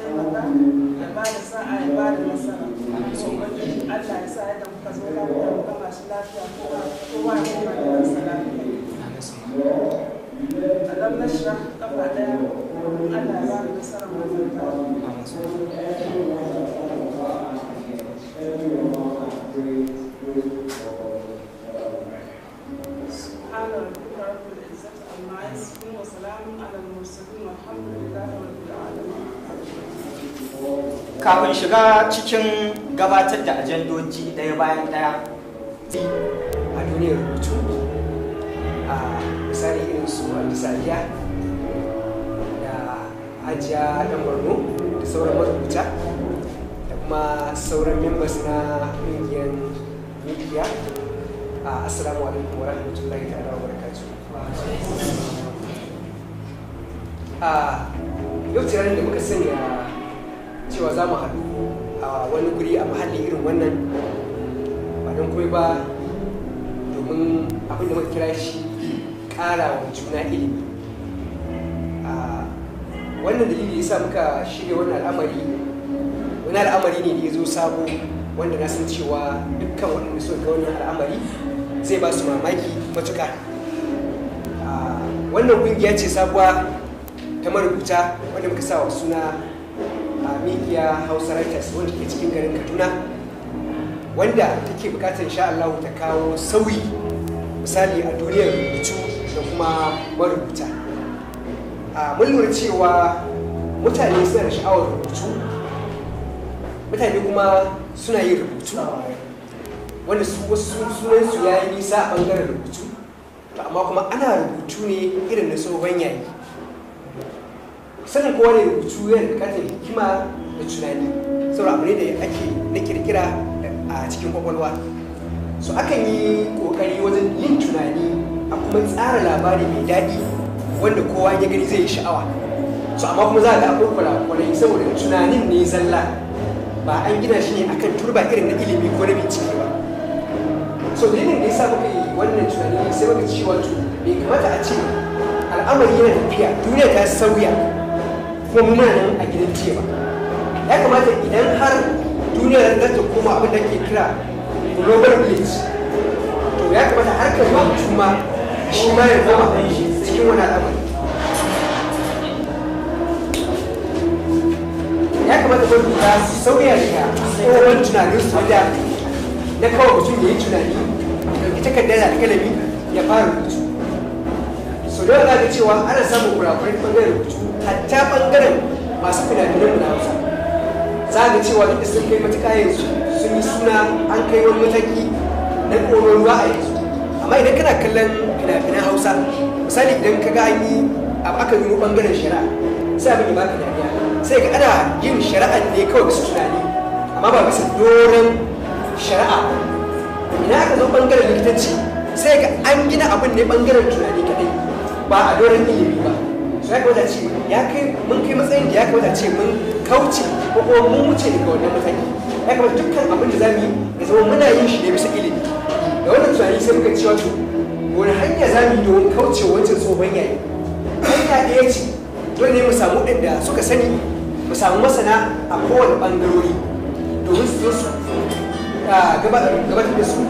taimaka da ba da sa'a ya ba da nasara Allah ya sa yadda kuka zo da kuka masu lafiya kowa kowa ya kuma da nasa lafiya alam na shira kafa daya Allah ya ba da nasara wajen ta سبحان ربك رب العزة عما يصفون وسلام على المرسلين والحمد لله رب العالمين kafin shiga cikin gabatar da ajandoji ɗaya bayan ɗaya a duniyar rubutu a misali irin su sadiya da hajiya dan borno da sauran marubuta da kuma sauran members na ƙungiyar media a assalamu alaikum wa rahmatullahi ta'ala wa barakatu a yau tiranin da muka sanya cewa za mu haɗu a wani guri a mahalli irin wannan ba don kuma ba domin abin da muka kira shi ƙara wa juna ilimi wannan dalili yasa muka shirya wannan al'amari wani al'amari ne da ya zo sabo wanda na san cewa dukkan waɗanda suka ga wannan al'amari zai ba su mamaki matuƙa wannan ƙungiya ce sabuwa ta marubuta wanda muka sa wa suna a mikiya hausa writers wanda ke cikin garin kaduna wanda take bukatar insha Allah ta kawo sauyi misali a duniyar rubutu da kuma marubuta a mun lura cewa mutane suna da sha'awar rubutu mutane kuma suna yin rubutu wanda su wasu sunansu ya yi nisa a bangaren rubutu amma kuma ana rubutu ne irin na tsohon yayi sanin kowa ne rubutu yana bukatar hikima da tunani saboda abu ne da ake na kirkira a cikin kwakwalwa so akan yi kokari wajen yin tunani a kuma tsara labari mai daɗi wanda kowa ya gani zai yi sha'awa so amma kuma za a ga kurakurai saboda tunanin ne zalla ba an gina shi ne akan turba irin na ilimi ko na bincike ba so dalilin da ya sa muka yi wannan tunani sai muka ci wato bai kamata a ce al'amari yana tafiya duniya ta sauya kuma mu nan a gidan cewa ya kamata idan har duniyar nan ta koma abin da ke kira global village to ya kamata harkar mabucu ma shi ma ya zama cikin wani al'amari ya kamata mabuta su sauya a tsohon tunanin su da na kawai mutum ya yi tunani ɗauki takardar da alƙalami ya fara rubutu so don za cewa ana samun kurakurai ɓangaren rubutu hatta bangaren masu finafinan na hausa za ga cewa duk sun kai matuƙa yanzu sun yi suna an kai wani mataki na ƙoron ruwa a yanzu amma idan kana kallon finafinan hausa misali idan ka ga an yi aka yi bangaren shari'a sai abin da ba ka dariya sai ka ana yin shari'ar ne kawai bisa tunani amma ba bisa doron shari'a ina aka zo bangaren likitanci sai ga an gina abin ne bangaren tunani kadai ba a doron ilimi ba ya kamata ce ya kai mun kai matsayin da ya kamata ce mun kauce ko kuma mun wuce daga wannan mataki ya kamata dukkan abin da za mu yi ya zama muna yin shi ne bisa ilimi da wannan tunani sai muka cewa to wani hanya za mu yi domin kauce wancan tsohon yayi hanya ɗaya ce dole ne mu samu waɗanda suka sani mu samu masana a kowane ɓangarori domin su zo su gabatar da su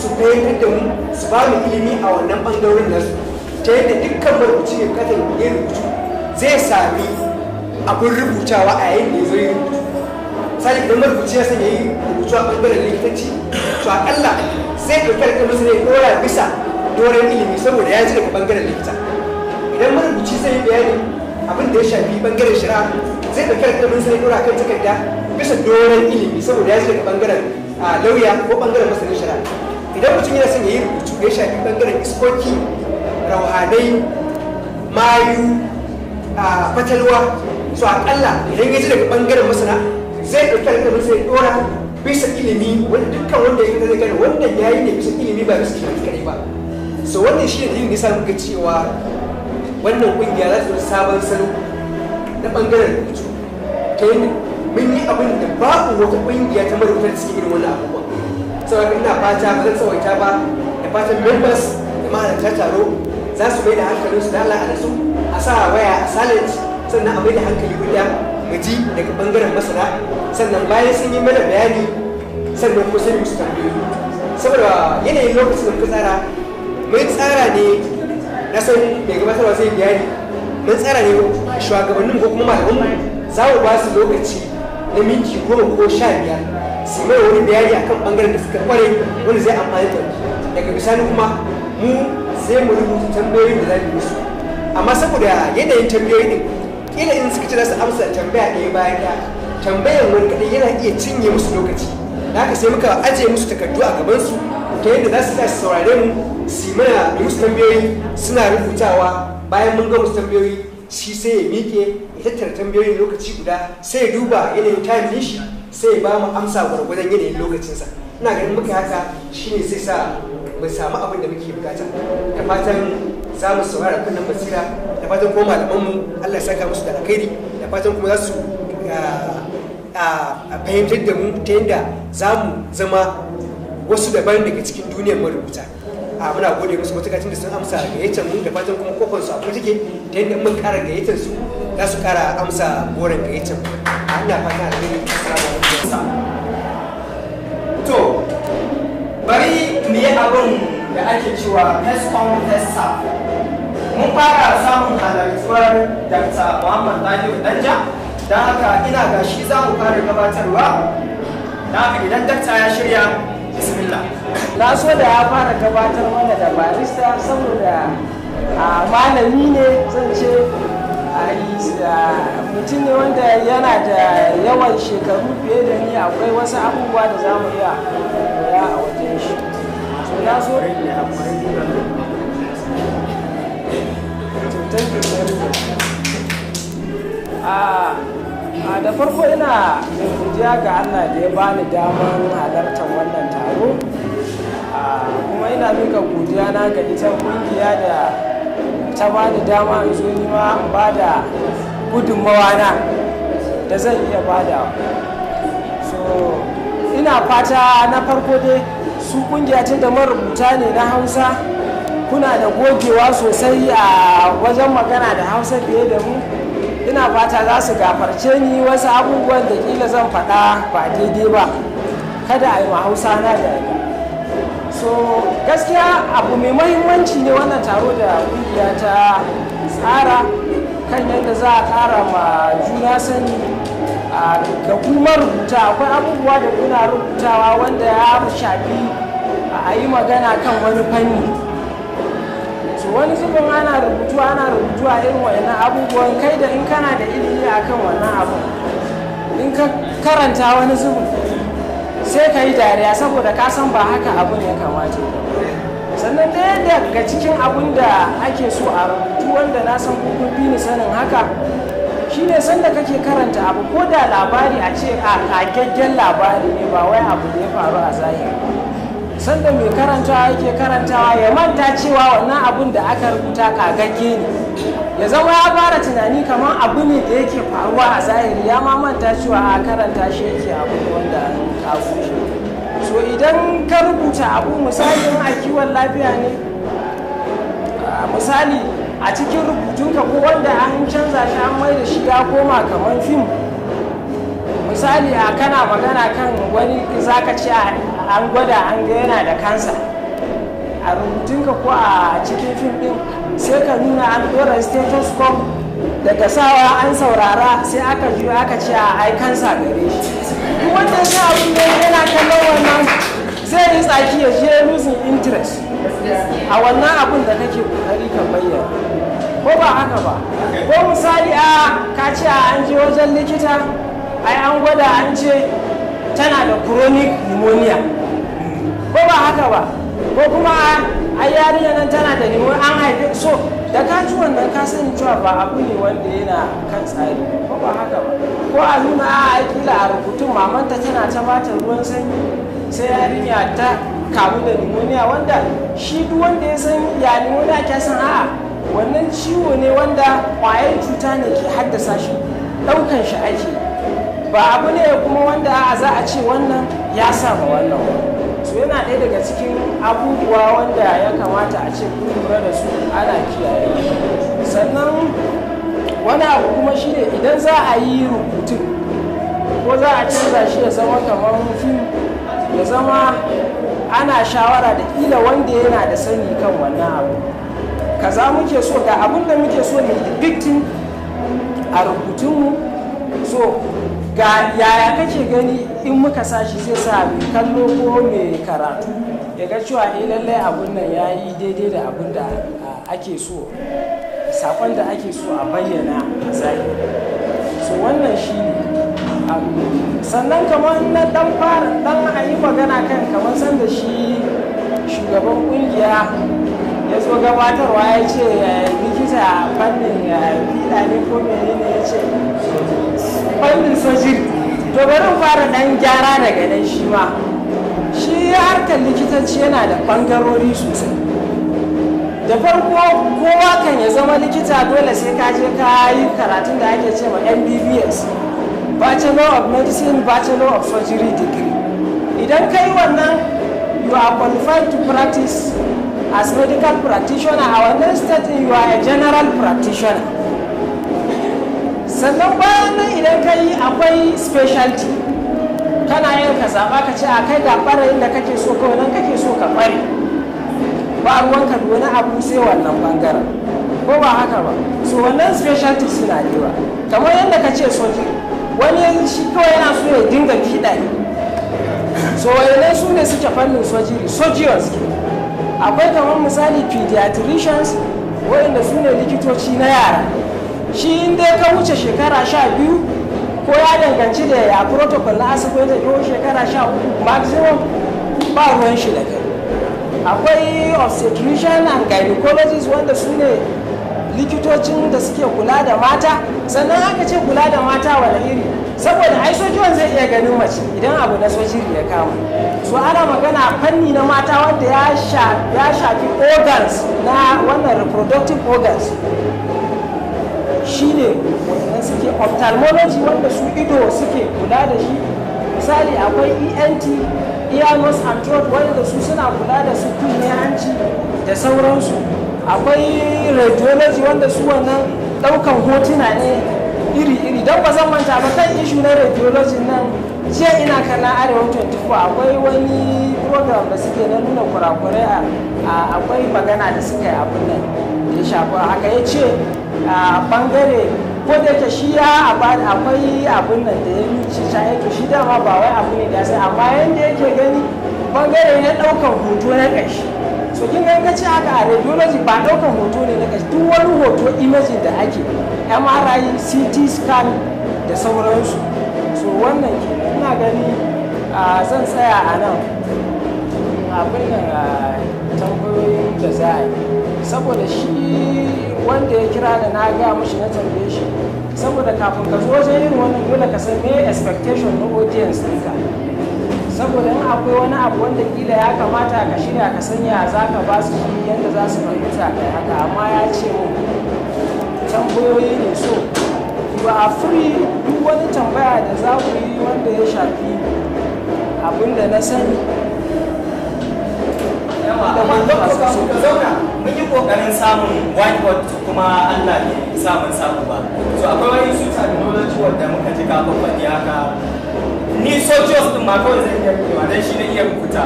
su fahimtar da mu su ba mu ilimi a wannan ɓangarorin nasu ta yadda dukkan marubuci ya kasar ya rubutu zai sami abin rubutawa a yayin da ya zo ya rubutu sai idan marubuci ya sanya yi rubutu a ɓangaren likitanci to ka zai kan alƙalminsa ne ɗora bisa doron ilimi saboda ya ji daga ɓangaren likita idan marubuci zai yi bayani abin da ya shafi ɓangaren shari'a zai kan alƙalminsa ne ɗora kan takarda bisa doron ilimi saboda ya ji daga ɓangaren lauya ko ɓangaren masanin shari'a idan mutum yana son ya yi rubutu ya shafi ɓangaren iskoki rauhanai mayu a fatalwa su akalla idan ya ji daga bangaren masana zai ɗauki alƙalmin sai ɗora bisa ilimi wanda dukkan wanda ya zai gane wanda ya yi ne bisa ilimi ba bisa ilimi kaɗai ba so wannan shi ne dalilin da ya muka cewa wannan ƙungiya za ta zama sabon salo na bangaren rubutu ta yi mun yi abin da babu wata ƙungiya ta marubuta da suke irin wannan abubuwa saboda ina fata ba zan tsawaita ba da fatan members da ta taro za su bai da hankalin su da a nasu a sa waya a silent sannan a mai da hankali guda mu ji daga bangaren masana sannan bayan sun yi mana bayani sannan kusa da musu tambayoyi saboda yanayin lokacin da muka tsara mun tsara ne na san mai gabatarwa zai bayani mun tsara ne shugabannin ko kuma malamanmu za mu ba su lokaci na minti goma ko sha biyar su mai wani bayani akan bangaren da suka kware wanda zai amfani da daga bisani kuma mu Zai mu rubuta tambayoyin da za mu musu amma saboda yanayin tambayoyi din kila in suka ci za su amsa tambaya ɗaya bayan ɗaya tambayar wani kaɗai yana iya cinye musu lokaci da haka sai muka ajiye musu takardu a gabansu ta yadda za su sa su saurare mu su mana musu tambayoyi suna rubutawa bayan mun ga musu tambayoyi shi sai ya miƙe ya tattara tambayoyin lokaci guda sai ya duba yanayin time ɗin shi sai ya ba mu amsa gwargwadon yanayin lokacinsa ina ganin muka haka shine sai sa mu samu abin da muke bukata da fatan za mu saurara kunnan basira da fatan kuma malamanmu Allah ya saka musu da alkhairi da fatan kuma za su a ah, ah, fahimtar da mu ta yadda za mu zama wasu daban daga cikin duniyar marubuta a ah, muna gode musu matuƙa tun da sun amsa gayyatar mu da fatan kuma kofar su a ku take ta yadda mun kara gayyatar su za su kara amsa goren gayyatar mu a ina fata da gani to bari yi abin da ake cewa first come first serve mun fara samun halartuwar dr muhammad najiru danja don haka ina ga shi za mu fara gabatarwa na idan dr ya shirya bismillah na so da ya fara gabatar mana da barista saboda a malami ne zan ce mutum ne wanda yana da yawan shekaru fiye da ni akwai wasu abubuwa da za mu iya a wajen shi ya zo ne ah, amfani da cutar a da farko ina mai godiya ga allah da ya bani damar halartar wannan taro ah, kuma ina mika godiya na ga ita kungiya da ta bani dama in zo ma ba da gudunmawa na da zan iya bada so ina fata na farko dai su kungiya ce da marubuta ne na hausa kuna da gogewa sosai a wajen magana da hausa fiye da mu ina fata za su gafarce ni wasu abubuwan da kila zan faɗa ba daidai ba kada a yi ma hausa na da so gaskiya abu mai mahimmanci ne wannan taro da kungiya ta tsara kan yadda za a ƙara ma juna sani da kuma rubuta akwai abubuwa da kuna rubutawa wanda ya shafi a yi magana kan wani fanni su wani zubin ana rubutu ana rubutu a irin wani abubuwan kai da in kana da ilimi a kan wannan abu in ka karanta wani zubin sai ka yi dariya saboda ka san ba haka abin ya kamata sannan ɗaya daga cikin abun da ake so a rubutu wanda na san kun sanin haka shi ne sanda kake karanta abu ko da labari a ce a ah, kagaggen labari ne ba wai abu ne faru a zahiri sanda mai karantawa yake karantawa ya manta cewa wannan abun da aka rubuta kagagge ne ya zama ya fara tunani kamar abu ne da yake faruwa a zahiri ya ma manta cewa a ah, karanta shi yake abu wanda ka so idan ka rubuta abu misalin a kiwon lafiya ne misali a cikin rubutunka ko wanda an canza shi an mai da shi ya koma kamar fim misali a kana magana kan wani zaka ce an gwada an ga yana da kansa a rubutunka ko a cikin fim din sai ka nuna an status quo daga sawa an saurara sai aka juyo aka ce a ai kansa gare shi wannan abin da yana kallon wannan zai yi tsaki ya je losing interest a wannan abin da kake kokari kan bayyana ko ba haka ba ko misali a ka ce a an je wajen likita ai an gwada an ce tana da chronic pneumonia ko ba haka ba ko kuma a yarinya nan tana da pneumonia an haife so da ka ji wannan ka sani cewa ba abu ne wanda yana kan tsari ko ba haka ba ko a nuna a kila a rubutun mamanta tana ta bata ruwan sanyi sai yarinya ta kamu da pneumonia wanda shi duk wanda ya san ya pneumonia ke san a'a wannan ciwo ne wanda kwayar cuta ne ke haddasa shi ɗaukan shi ake ba abu ne kuma wanda a'a za a ce wannan ya sama wannan Su yana ɗaya daga cikin abubuwa wanda ya kamata a ce lura da su ana kiyaye sannan wani abu kuma shi ne idan za a yi rubutun ko za a canza shi ya zama kamar mutum ya zama ana shawara da kila wanda yana da sani kan wannan abu kaza muke so ga abin da muke so ne dictin a rubutunmu so ga yaya kake gani in muka sashi zai sa mai kallo ko mai karatu ya ga cewa eh lallai abun nan ya yi daidai da abun da ake so sakon da ake so a bayyana a zahiri so wannan shi ne sannan kamar na dan fara dan a yi magana kan kamar sanda shi shugaban kungiya ya zo gabatarwa ya ce likita fannin fiɗa ne ko menene ya ce fannin sojin to fara dan gyara daga nan shi ma shi harkar likitanci yana da bangarori sosai da farko kowa kan ya zama likita dole sai ka je ka yi karatun da ake ce ma mbbs bachelor of medicine bachelor of surgery degree idan kai wannan you are qualified to practice as medical practitioner a wannan state you are a general practitioner sannan bayan nan idan ka yi akwai specialty kana yin ka zaɓa ka ce a kai ga ɓarayin da kake so ka nan kake so ka ɓare ba ruwan ka wani abu sai wannan bangaren ko ba haka ba so wannan specialty suna ba kamar yadda ka ce sojiri wani shi kawai yana so ya dinga kiɗa ne so wayannan su ne suke fannin sojiri sojiyos ke akwai kamar misali pediatricians wayanda su ne likitoci na yara shi inda ka wuce shekara sha biyu ko ya danganci da ya protocol na asibiti da yau shekara sha uku maximum ba ruwan shi da kai akwai obstetrician and gynecologist wanda su ne likitocin da suke kula da mata sannan aka ce kula da mata wani iri saboda ai sojiwan zai iya ganin mace idan abu na sojiri ya kama su ana magana fanni na mata wanda ya shafi organs na wannan reproductive organs shine wannan suke ophthalmology wanda su ido suke kula da shi misali akwai ent ear nose and throat wanda su suna kula da su kunne hanci da sauransu akwai radiology wanda su wannan daukan hotuna ne iri-iri don ba zan manta ba kan ishu na radiology nan jiya ina kana arewa 24 akwai wani program da suke na nuna kurakurai a akwai magana da suka yi abin nan da ya shafi haka ya ce a bangare ko da yake shi ya akwai abin nan da ya nuce shi yake shi dama ba wai abu ne da ya sai amma yadda yake gani bangare na daukan hoto na ƙarshe so kin ga haka a radiology ba daukan hoto ne na kashi duk wani hoto imaging da ake MRI CT scan da sauransu so wannan ke ina gani zan tsaya a nan abin nan tambayoyin da za a yi saboda shi wanda ya kira da na ga mushi na tambaye shi saboda kafin ka zo wajen yin wannan dole ka san me expectation na audience ɗinka saboda in akwai wani abu wanda kila ya kamata ka shirya ka sanya za ka ba su shi yadda za su fahimta kai haka amma ya ce mu tambayoyi ne so ba a free duk wani tambaya da za ku yi wanda ya shafi abin da na sani da wanda ba su zauna mun yi kokarin samun whiteboard kuma Allah ne samun samu ba so akwai wani su technology wanda muka ji kafin faɗi haka ni sojos din ma kawai zan iya kuma dan shi ne iya rubuta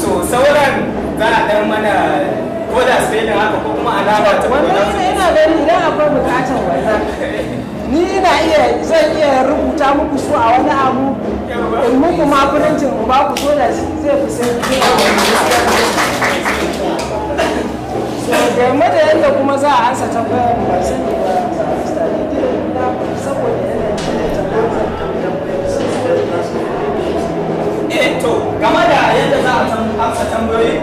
so sauran za a dan mana ko da spelling haka ko kuma alama ta wannan ina ina gani idan akwai bukatar wannan ni ina iya zan iya rubuta muku su a wani abu in muku ma furancin in ba ku so da zai fi sauki game da yadda kuma za a ansa tambayar ba sai ba eh to game da yadda za a amsa tambayoyi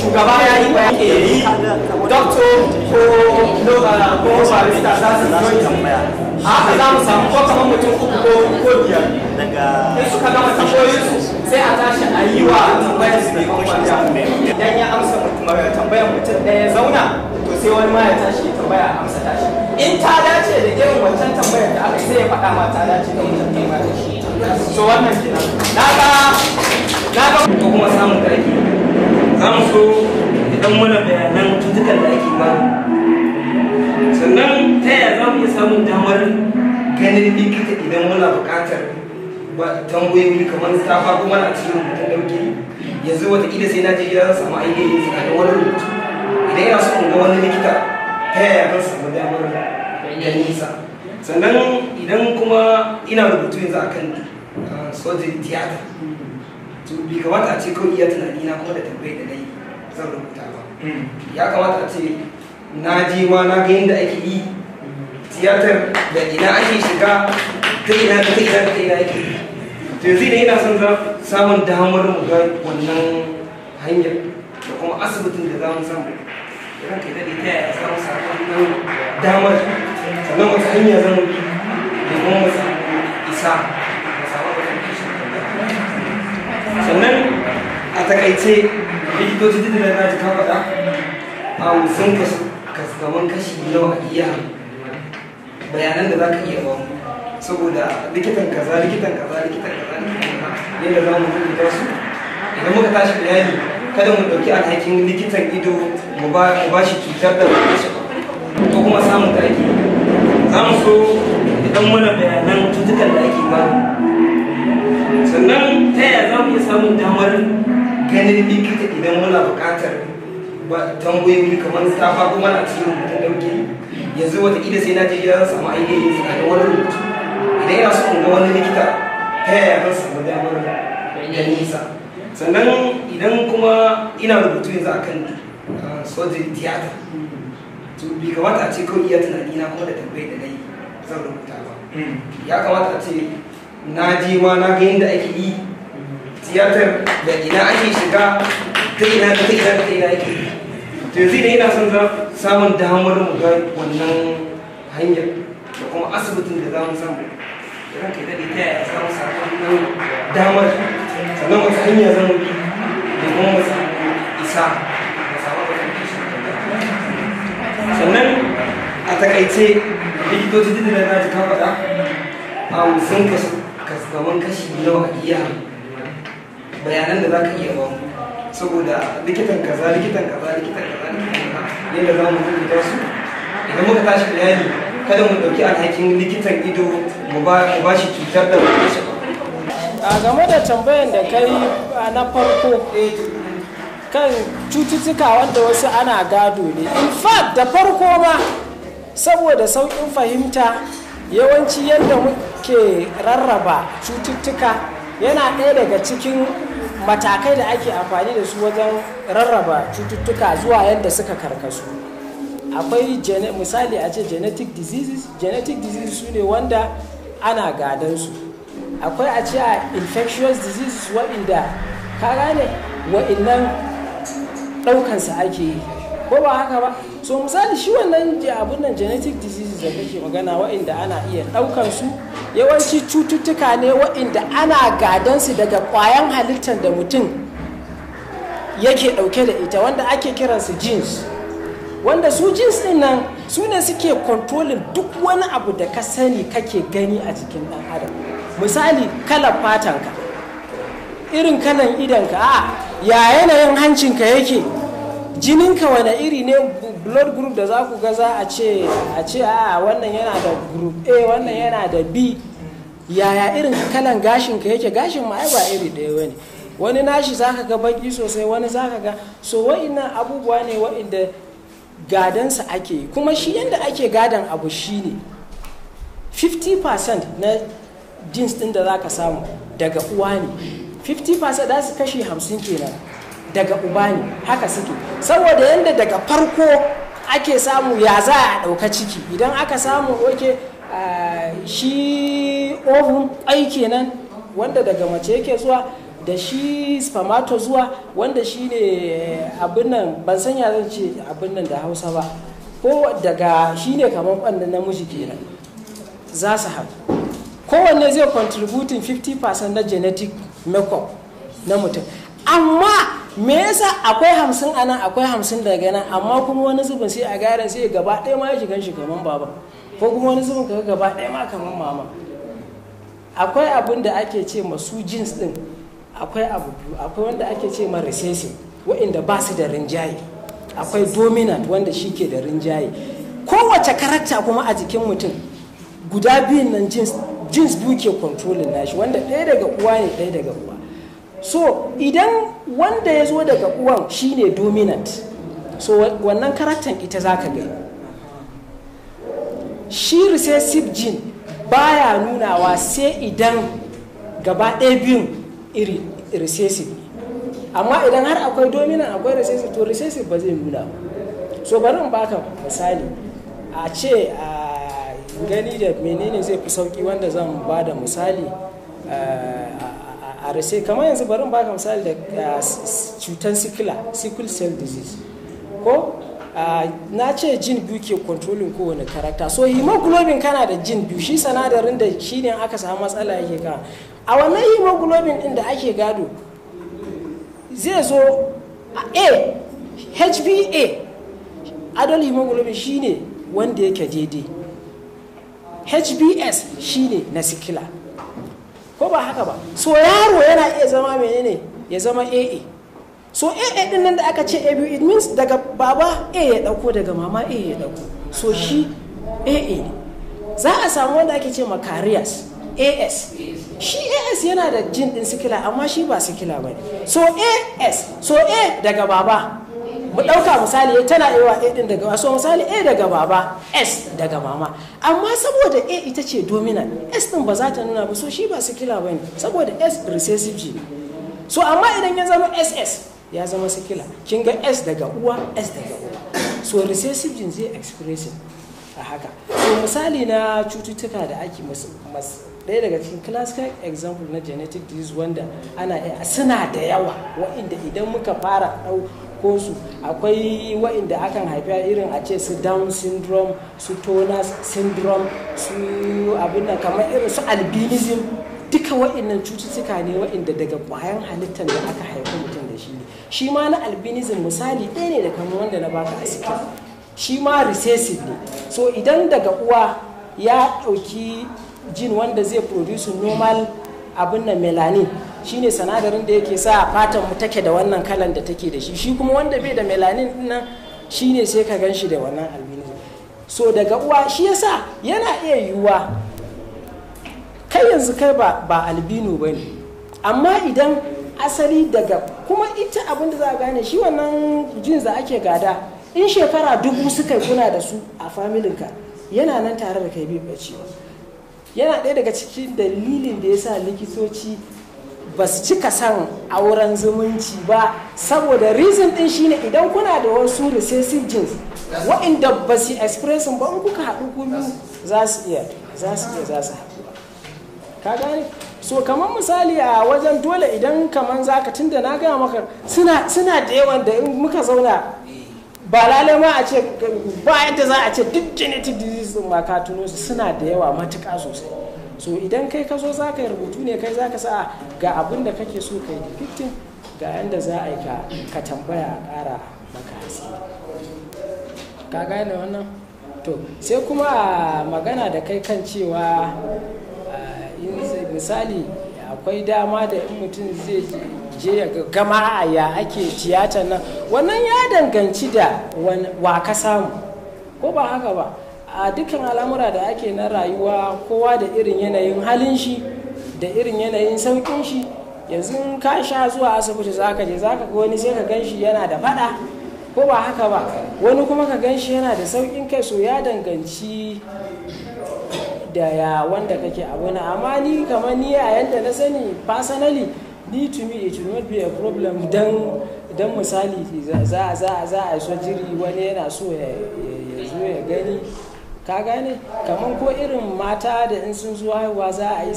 shugaba ya yi bayan ke yi doctor ko lokala ko barista za su yi tambaya a haka za mu samu ko kamar mutum uku ko ko biyar daga in suka gama tambayoyin su sai a tashi a yi wa tambayar su ne ko idan ya amsa mutum tambayar mutum ɗaya zauna to sai wani ma ya tashi tambaya amsa tashi in ta dace da irin wancan tambayar da aka sai ya faɗa ma ta dace da mutum ɗaya ma ta shi so wannan kenan na ga na ga ko kuma samun da ake za mu so idan muna bayanan cutukan da ake ba sannan ta yaya za mu iya samun damar ganin likita idan muna buƙatar tambayoyi kamar safa kuma mana cikin rubutun dauke yanzu wata watakila sai na je gida zan samu ainihin da wani rubutu idan yana so in ga wani likita ta yaya zan samu damar ganin sa sannan idan kuma ina rubutu yanzu akan sojin tiyata to bi kamata a ce kawai iya tunani na kuma da tambayi da nai zan rubuta ba hmm. ya kamata a ce na je ma na ga yadda ake yi tiyatar da ina ake shiga ta ina ta ina ta ina ake yi to yanzu ina ina son samun damar mu ga wannan hanyar da kuma asibitin da za mu samu idan kai daɗe ta yaya samu wannan damar sannan wata hanya zan bi domin mu samu isa sannan a takaice likitoci duk da na ji ka faɗa a sun kaskaman kashi nawa iya bayanan da za ka iya bamu saboda likitan kaza likitan kaza likitan kaza yadda za mu rubuta su idan muka tashi bayani kada mu ɗauki alhakin likitan ido mu ba shi cutar da ko kuma samun ɗaki za mu so idan muna bayanan cutukan da ake ba sannan ta yaya za mu iya samun damar ganin likita idan muna buƙatar wuri kamar safa kuma na cikin rubutun ɗauke yanzu wataƙila sai na je gida zan samu ainihin tsakanin wani rubutu idan yana so in ga wani likita ta yaya zan samu damar ganin sa sannan idan kuma ina rubutu yanzu akan ah, sojin tiyata to bi kamata a ce kawai iya tunani na kuma da tambayi da nayi zan rubuta ba hmm. ya kamata a ce na ji ma na ga yadda ake yi tiyatar da ina ake shiga ta ina ta ina ta ina ake yi to yanzu idan ina son samun damar mu ga wannan hanyar da kuma asibitin da za mu samu idan ka daɗe ta yaya samu sakamakon damar sannan wata hanya zan bi domin mu samu isa da samu sannan a takaice likitoci duk da na ji ka a sun kasu kamar kashi nawa iya bayanan da za ka iya ba saboda likitan kaza likitan kaza likitan kaza likitan kaza yadda za mu rubuta su idan muka tashi bayani kada mu ɗauki alhakin likitan ido mu ba shi cutar da ba shi a game da tambayan da kai na farko eh. kan cututtuka wanda wasu ana gado ne in fact da farko ma saboda sauƙin fahimta yawanci yadda muke rarraba cututtuka yana ɗaya daga cikin matakai da ake amfani da su wajen rarraba cututtuka zuwa yadda suka karkasu akwai misali a ce genetic diseases genetic diseases su ne wanda ana gadansu akwai a ce a infectious diseases waɗanda ka gane wa'innan ɗaukansa ake yi ko ba haka ba so misali shi wannan abun nan genetic diseases da kake magana wa'inda ana iya ɗaukan su yawanci cututtuka ne wa'inda ana gadon su daga ƙwayan halittar da mutum yake ɗauke da ita wanda ake kiransu genes wanda su genes din nan su ne suke controlling duk wani abu da ka sani kake gani a jikin dan adam misali kalan ka, irin kalan idanka a ya yanayin hancinka yake jininka wani iri ne blood group da za ku ga za a ce a ce a wannan yana da group a wannan yana da b yaya irin kalan gashin ka yake gashin ma ai ba iri ɗaya wani wani nashi za ka ga baki sosai wani za ka ga so wa'innan abubuwa ne wa'inda gadansa ake yi kuma shi yadda ake gadan abu shi ne 50% na jeans din da za ka samu daga uwa ne 50% za su kashi 50 kenan daga ubani haka suke saboda yadda daga farko ake samu ya za a ɗauka ciki idan aka samu oke shi ovum ƙwai kenan wanda daga mace yake zuwa da shi spamato zuwa wanda shi ne abin nan ban sanya zan ce abin nan da hausa ba ko daga shi ne kamar na namiji kenan za su haɗu kowanne zai contributing 50% na genetic makeup na mutum amma me yasa akwai hamsin a nan akwai hamsin daga nan amma kuma wani zubin sai a gyara sai gaba ɗaya ma ya shiga shi kamar baba ko kuma wani zubin kaga gaba ɗaya ma kamar mama akwai abin da ake ce ma su jins ɗin akwai abu akwai wanda ake ce ma recessive wa'inda ba su da rinjaye akwai dominant wanda shi ke da rinjaye kowace karakta kuma a jikin mutum guda biyun nan jins jins biyu ke nashi wanda ɗaya daga uwa ne ɗaya daga uwa so idan wanda ya zo daga uwan shine dominant so wannan karaktan ita za ka gani shi recessive gene baya nunawa sai idan gaba ɗaya biyun iri recessive amma idan har akwai dominant akwai recessive to recessive ba zai nuna so bari in baka misali a ce a gani da menene zai fi sauki wanda zan ba da misali eh, a rashe kamar yanzu barin baka misali da cutar sikila sickle cell disease ko na ce jin biyu ke kontrolin kowane karakta so hemoglobin kana da jin biyu shi sanadarin da shi ne aka samu matsala yake ka a wannan hemoglobin din da ake gado zai zo a hba adult hemoglobin shine wanda yake daidai hbs shine na sikila ko ba haka ba so yaro yana iya zama menene ya zama aa so aa din nan da aka ce abu it means daga baba a ya dauko daga mama a ya dauko so shi aa ne za a samu wanda ake ce makarias as shi as yana da jin din sikila amma shi ba sikila ba so as so a daga baba mu ɗauka misali eh, tana yawa a ɗin daga so misali a daga baba s daga mama amma saboda a ita ce dominant s ɗin ba za ta nuna ba so shi ba sikila ba ne saboda s recessive so amma idan ya zama ss ya zama sikila kin ga s daga uwa s daga uwa so recessive gene zai expressing a haka so misali na cututtuka da ake ɗaya daga cikin classical example na genetic disease wanda ana suna da yawa waɗanda idan muka fara ɗau ɗauko su akwai wa'inda akan haifi irin a ce su down syndrome su turner syndrome su abin kamar irin su albinism duka wa'innan cututtuka ne wa'inda daga kwayan halittar da aka haifi mutum da shi ne shi ma na albinism misali ɗaya ne da kamar wanda na baka a shi ma recessive ne so idan daga uwa ya ɗauki jin wanda zai produce normal abin na melanin shine sanadarin da yake sa fatan mu take da wannan kalan da take da shi shi kuma wanda bai da melanin din nan shine sai ka gan shi da wannan albinism so daga uwa shi yasa yana iya yiwuwa kai yanzu kai ba ba albino ba ne amma idan asali daga kuma ita abin da za a gane shi wannan jin da ake gada in shekara dubu suka kuna da su a familinka yana nan tare da kai bai bacewa yana ɗaya daga cikin dalilin da ya sa likitoci ba su cika son auren zumunci ba saboda reason din shine idan kuna da wasu recessive genes wa'inda ba su express ba in kuka haɗu kuma za su iya za su iya za su haɗu ka gane so kamar misali a wajen dole idan kamar zaka tunda na gaya maka suna da yawan da in muka zauna ba lalai ma a ce ba yadda za a ce duk genetic disease ma ka tuno suna da yawa matuƙa sosai so idan kai ka zo za ka yi rubutu ne kai za ka sa ga abin da kake so ka yi ga yadda za a yi ka tambaya a ƙara maka ka gane wannan to sai kuma magana da kai kan cewa misali akwai dama da in mutum zai je ya gama a ya ake tiyatar nan wannan ya danganci da wa ka samu ko ba haka ba a dukkan al'amura da ake na rayuwa kowa da irin yanayin halin shi da irin yanayin saukin shi yanzu ka sha zuwa asibiti za ka je za ka wani sai ka gan shi yana da fada ko ba haka ba wani kuma ka gan shi yana da saukin kai so ya danganci da ya wanda kake abuna amma ni kamar ni a yanda na sani personally ni to me it will not be a problem dan misali za za za a wani yana so ya zo ya gani ka gane kamar ko irin mata da in sun zuwa haihuwa za a yi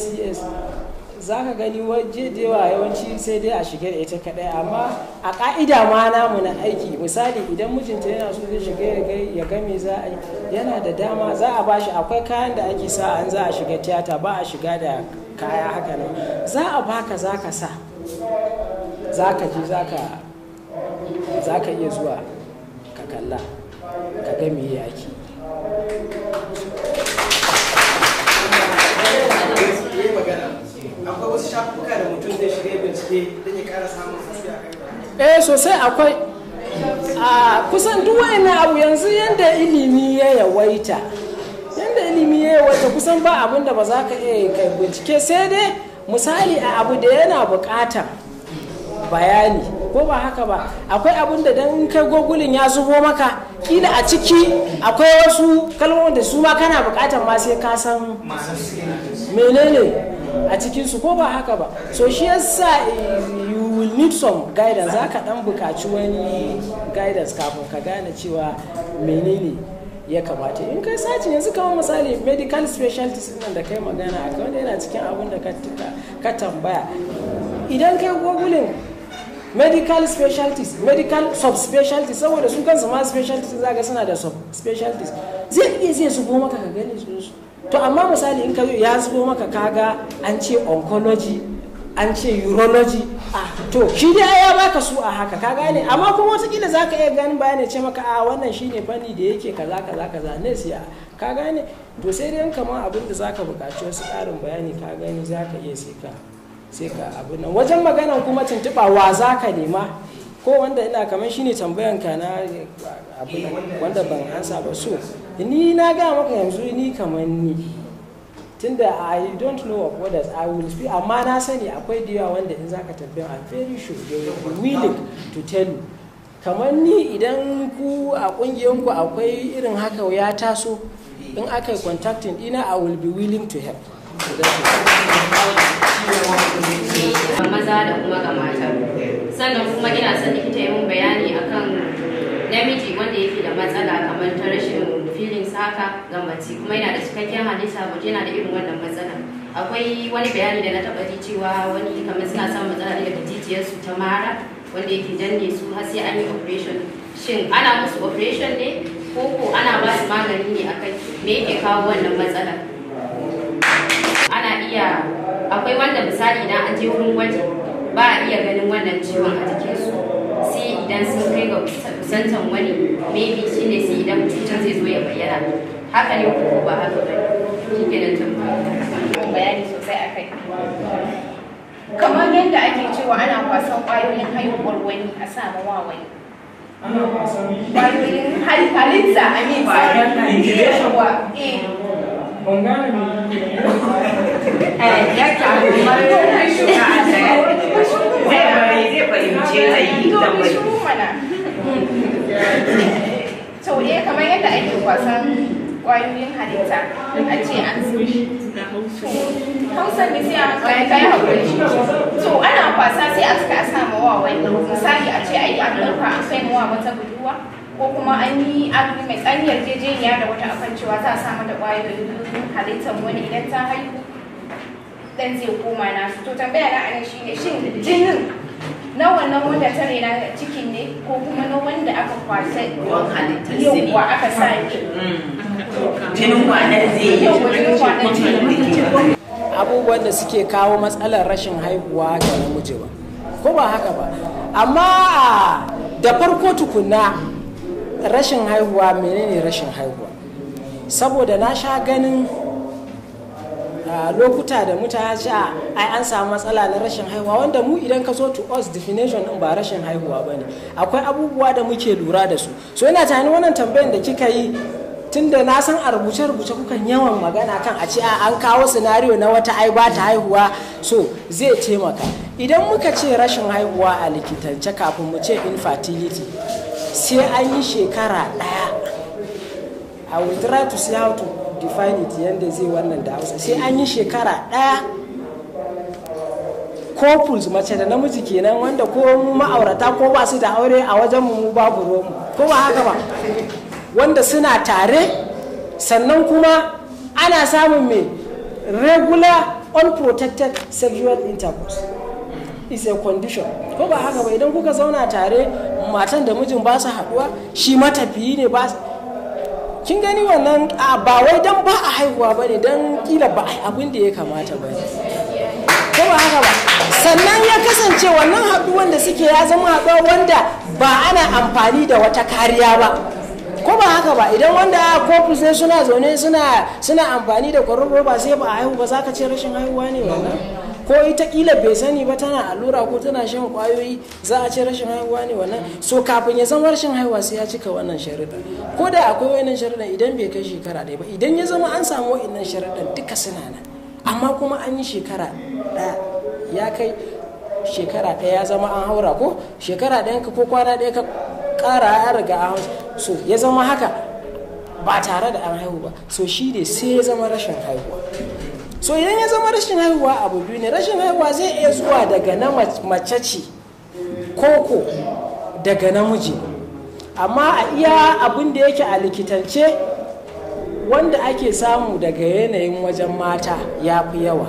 za ka gani waje da yawa yawanci sai dai a shiga da ita kadai amma a ka'ida ma namu na aiki misali idan mijinta yana so zai shiga ya ya gami za a yana da dama za a bashi akwai kayan da ake sa an za a shiga tiyata ba a shiga da kaya haka nan za a baka za ka sa za ka je za ka iya zuwa ka kalla ka gami me eh sosai akwai a kusan duk wani abu yanzu yadda ilimi ya yawaita yadda ilimi ya yawaita kusan ba abin da ba za ka iya kai bincike sai dai misali a abu da yana bukata bayani ko ba haka ba akwai abin da dan kai gogulin ya zubo maka kila a ciki akwai wasu kalmomin da su ma kana bukatan ma sai ka san menene a cikinsu ko ba haka ba so shi yasa eh, you will need some guidance za ka dan bukaci wani guidance kafin ka gane cewa menene ya kamata in kai sace yanzu kamar misali medical specialist nan da kai magana a wanda yana cikin abin da ka tambaya idan kai gogulin medical specialties medical subspecialties saboda su kansu ma specialties zaga suna da subspecialties zai iya zai su goma ka gani su to amma misali in ka ya zubo maka kaga an ce oncology an ce urology ah. to shi dai ya baka su a haka ka gane amma kuma watakila za ka iya ganin bayani ce maka a ah, wannan shine fanni da yake kaza kaza kaza ne sai ah, ka gane to sai dai kama abin da za ka buƙaci wasu karin bayani ka gani za ka iya sai ka sai abin nan wajen maganan kuma tuntuɓa wa za ka nema ko wanda ina kamar shine tambayan ka na abu wanda ban ansa ba so ni na ga maka yanzu ni kamar ni tunda i don't know of others i will speak amma na sani akwai da wanda in zaka tambaya i'm very sure you will be willing to tell you kamar ni idan ku a kungiyanku akwai irin haka ya taso in aka yi contacting ina i will be willing to help ga maza da kuma ga mata sannan kuma ina son likita yi mun bayani akan namiji wanda yake da matsala kamar ta rashin filin saka ga mace kuma yana da cikakken halitta ba yana da irin wannan matsala akwai wani bayani da na taba ji cewa wani kamar suna samun matsala daga su ta mara wanda yake danne su har sai an yi operation shin ana musu operation ne ko ko ana ba su magani ne akai me yake kawo wannan matsalar iya akwai wanda misali idan an je wurin gwaji ba a iya ganin wannan ciwon a su sai idan sun kai ga kusantan wani maybe shine sai idan cutar zai zo ya bayyana haka ne ko ba haka ba shi ke nan bayani sosai akai kamar yadda ake cewa ana kwasan kwayoyin haihuwar wani a sa mawa wani halitta a ne 哎，人家讲什么认输啥的，这回这回有钱了，一个没输嘛呢。sau eh, ɗaya eh, kamar yadda ake wasan ƙwayoyin halitta a ce an hausa ne sai a kayan kayan haƙuri to ana kwasa sai a suka a sama wa wani misali a ce a yi an ɗauka an kai mawa wata guduwa, ko kuma an yi mai an yarjejeniya da wata akan cewa za a sa mata ƙwayoyin halittar wani idan ta haihu dan zai koma nasu to tambaya na anan shine shin jinin na wannan wanda ta rena cikin ne ko kuma na wanda aka kwasa yauwa aka sa mm. jinin kwanan zai yi abubuwan da suke kawo matsalar rashin haihuwa ga namiji ba ko ba haka ba amma da farko tukuna rashin haihuwa menene rashin haihuwa saboda na sha ganin lokuta da muta ce a ai an samu matsala na rashin haihuwa wanda mu idan ka zo to us definition din ba rashin haihuwa bane akwai abubuwa da muke lura da su so ina tunanin wannan tambayan da kika yi tunda na san a rubuce-rubuce kukan yawan magana kan a ce an kawo sinariyo na wata ai ba ta haihuwa so zai taimaka idan muka ce rashin haihuwa a likitance kafin mu ce infertility sai an yi shekara ɗaya i will try to see how to define it yadda zai wannan da hausa sai an yi shekara ɗaya couples mace da namiji kenan wanda ko mu ma'aurata ko ba su da aure a wajen mu babu romu ko ba haka ba wanda suna tare sannan kuma ana samun mai regular unprotected sexual intercourse is a condition ko ba haka ba idan kuka zauna tare matan da mijin ba su haɗuwa shi matafiyi ne ba su kin gani wannan ba wai dan ba a haihuwa ba ne dan kila ba abin da ya kamata ba ne ko ba haka ba sannan ya kasance wannan haɗu da suke ya zama haɗuwa wanda ba ana amfani da wata kariya ba ko ba haka ba idan wanda ko sai suna zaune suna amfani da kwararro ba sai ba a haihu ba za ka ce rashin haihuwa ne wannan ko ita kila bai sani ba tana allura ko tana shan kwayoyi za a ce rashin haihuwa ne wannan so kafin ya zama rashin haihuwa sai ya cika wannan sharuɗa ko da akwai wannan sharuɗa idan bai kai shekara ɗaya ba idan ya zama an samu wannan sharuɗan duka suna nan amma kuma an yi shekara ɗaya ya kai shekara ɗaya ya zama an haura ko shekara ɗayan ka ko kwana ɗaya ka ƙara ya riga an so ya zama haka ba tare da an haihu ba so shi ne sai ya zama rashin haihuwa so idan ya zama rashin haihuwa abu biyu ne rashin haihuwa zai iya zuwa daga na mace ce koko daga namiji amma a iya abin da yake a likitance wanda ake samu daga yanayin wajen mata ya fi yawa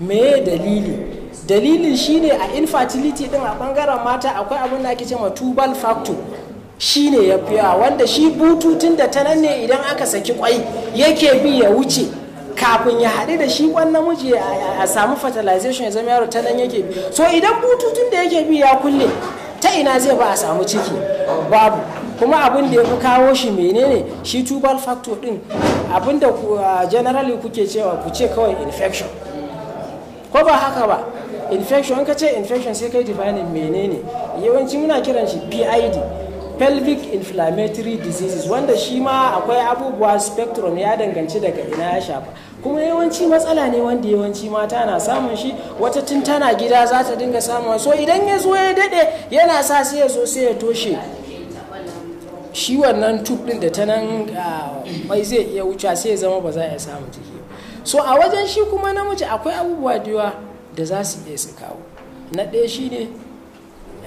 me dalili dalilin shine a infertility din a bangaren mata akwai abin da ake cewa tubal factor shine ya fi yawa wanda shi bututun da ta nan ne idan aka saki kwai yake bi ya wuce kafin ya haɗu da shi kwan namiji a samu fertilization ya zama yaro ta nan yake bi so idan bututun da yake bi ya kulle ta ina zai ba a samu ciki babu kuma abin da ya fi kawo shi menene shi tubal factor din abin da generally kuke cewa ku ce kawai infection ko ba haka ba infection ka ce infection sai kai defining menene yawanci muna kiran shi pid pelvic inflammatory diseases wanda shi ma akwai abubuwa spectrum ya danganci daga ina ya shafa kuma yawanci matsala ne wanda yawanci mata na samun shi wata tun tana gida za ta dinga samun so idan ya zo ya dade yana sa sai ya zo sai ya toshe shi wannan tub ɗin da ta nan ah, mai zai iya wuce sai ya zama ba za a samu ciki so a wajen shi kuma namiji akwai abubuwa da da za su iya su kawo na ɗaya shine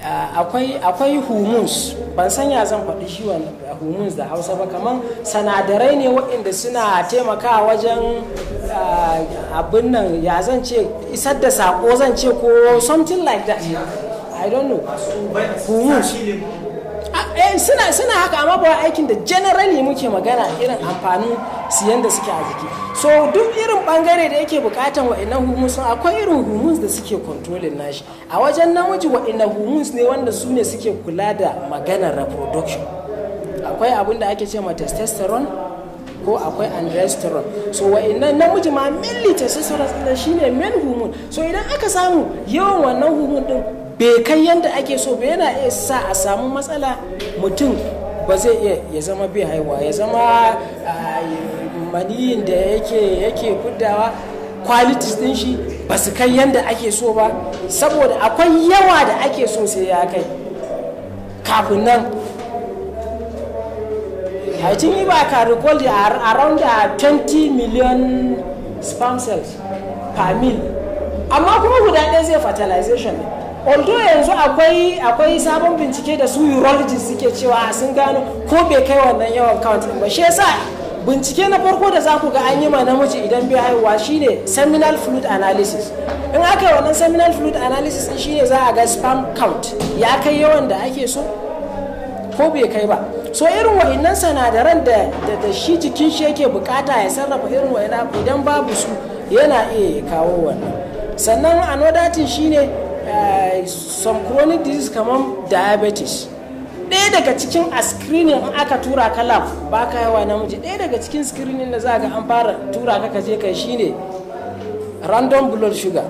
Ah, akwai humus ban sanya zan faɗi shi ah, humus da hausa ba kamar sanadarai ne waɗanda suna taimakawa wajen ah, abin nan ya zan ce isar da sako zan ce ko something like that i don't know humus Eh, suna suna haka amma ba aikin da generally muke magana irin amfanin siyan da suke a jiki so duk irin bangare da yake bukatan wa'annan hormones akwai irin hormones da suke controlling nashi a wajen namiji wa'annan hormones ne wanda su ne suke kula da maganar reproduction akwai abin da ake ce ma testosterone ko akwai androgen so wa'annan namiji ma milli testosterone shine main hormone so idan aka samu yawan wannan hormone din bai kai yadda ake so ba yana iya sa a samu matsala mutum ba zai iya ya zama bai haihuwa ya zama maniyin da yake yake gudawa qualities din shi ba su kai yadda ake so ba saboda akwai yawa da ake so sai ya kai kafin nan I yi ba a can recall around 20 uh, million sperm per mil amma kuma guda ɗaya zai fertilization ne although yanzu akwai akwai sabon bincike da su urologists suke cewa a sun gano ko bai kai wannan yawan count ba shi yasa bincike na farko da za ku ga an yi ma namiji idan bai haihuwa shine seminal fluid analysis in aka yi wannan seminal fluid analysis din shine za a ga sperm count ya kai yawan da ake so ko bai kai ba so irin wa'innan sanadaran da da shi jikin shi yake bukata ya sarrafa irin wa'ina idan babu su yana iya kawo wannan sannan anodatin shine Eh, some chronic disease kamar diabetes ɗaya daga cikin a screening in aka tura ka lab ba ka yawa namiji ɗaya daga cikin screening da za ga an fara tura ka kaje kai shine random blood sugar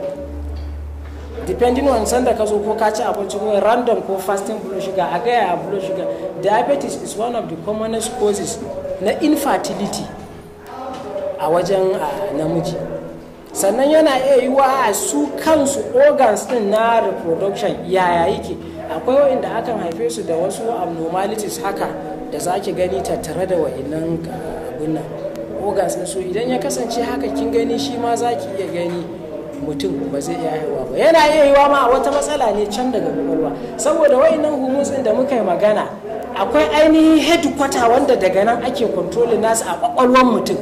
depending on sanda ka zo ko ka ci abinci ko random ko fasting blood sugar a gaya a blood sugar diabetes is one of the commonest causes na infertility a wajen namiji sannan yana iya yi wa su kansu organs din na reproduction yaya yake akwai wa'inda akan haife su da wasu abnormalities haka da za ki gani tattare da wa'innan abin ah, nan organs din su idan ya kasance haka kin gani shi ma za iya gani mutum ba zai iya haihuwa ba yana iya yi wa ma wata matsala ne can daga kwakwalwa saboda wa'innan hormones din da muka yi magana akwai ainihin headquarter wanda daga nan ake controlling nasu a kwakwalwar mutum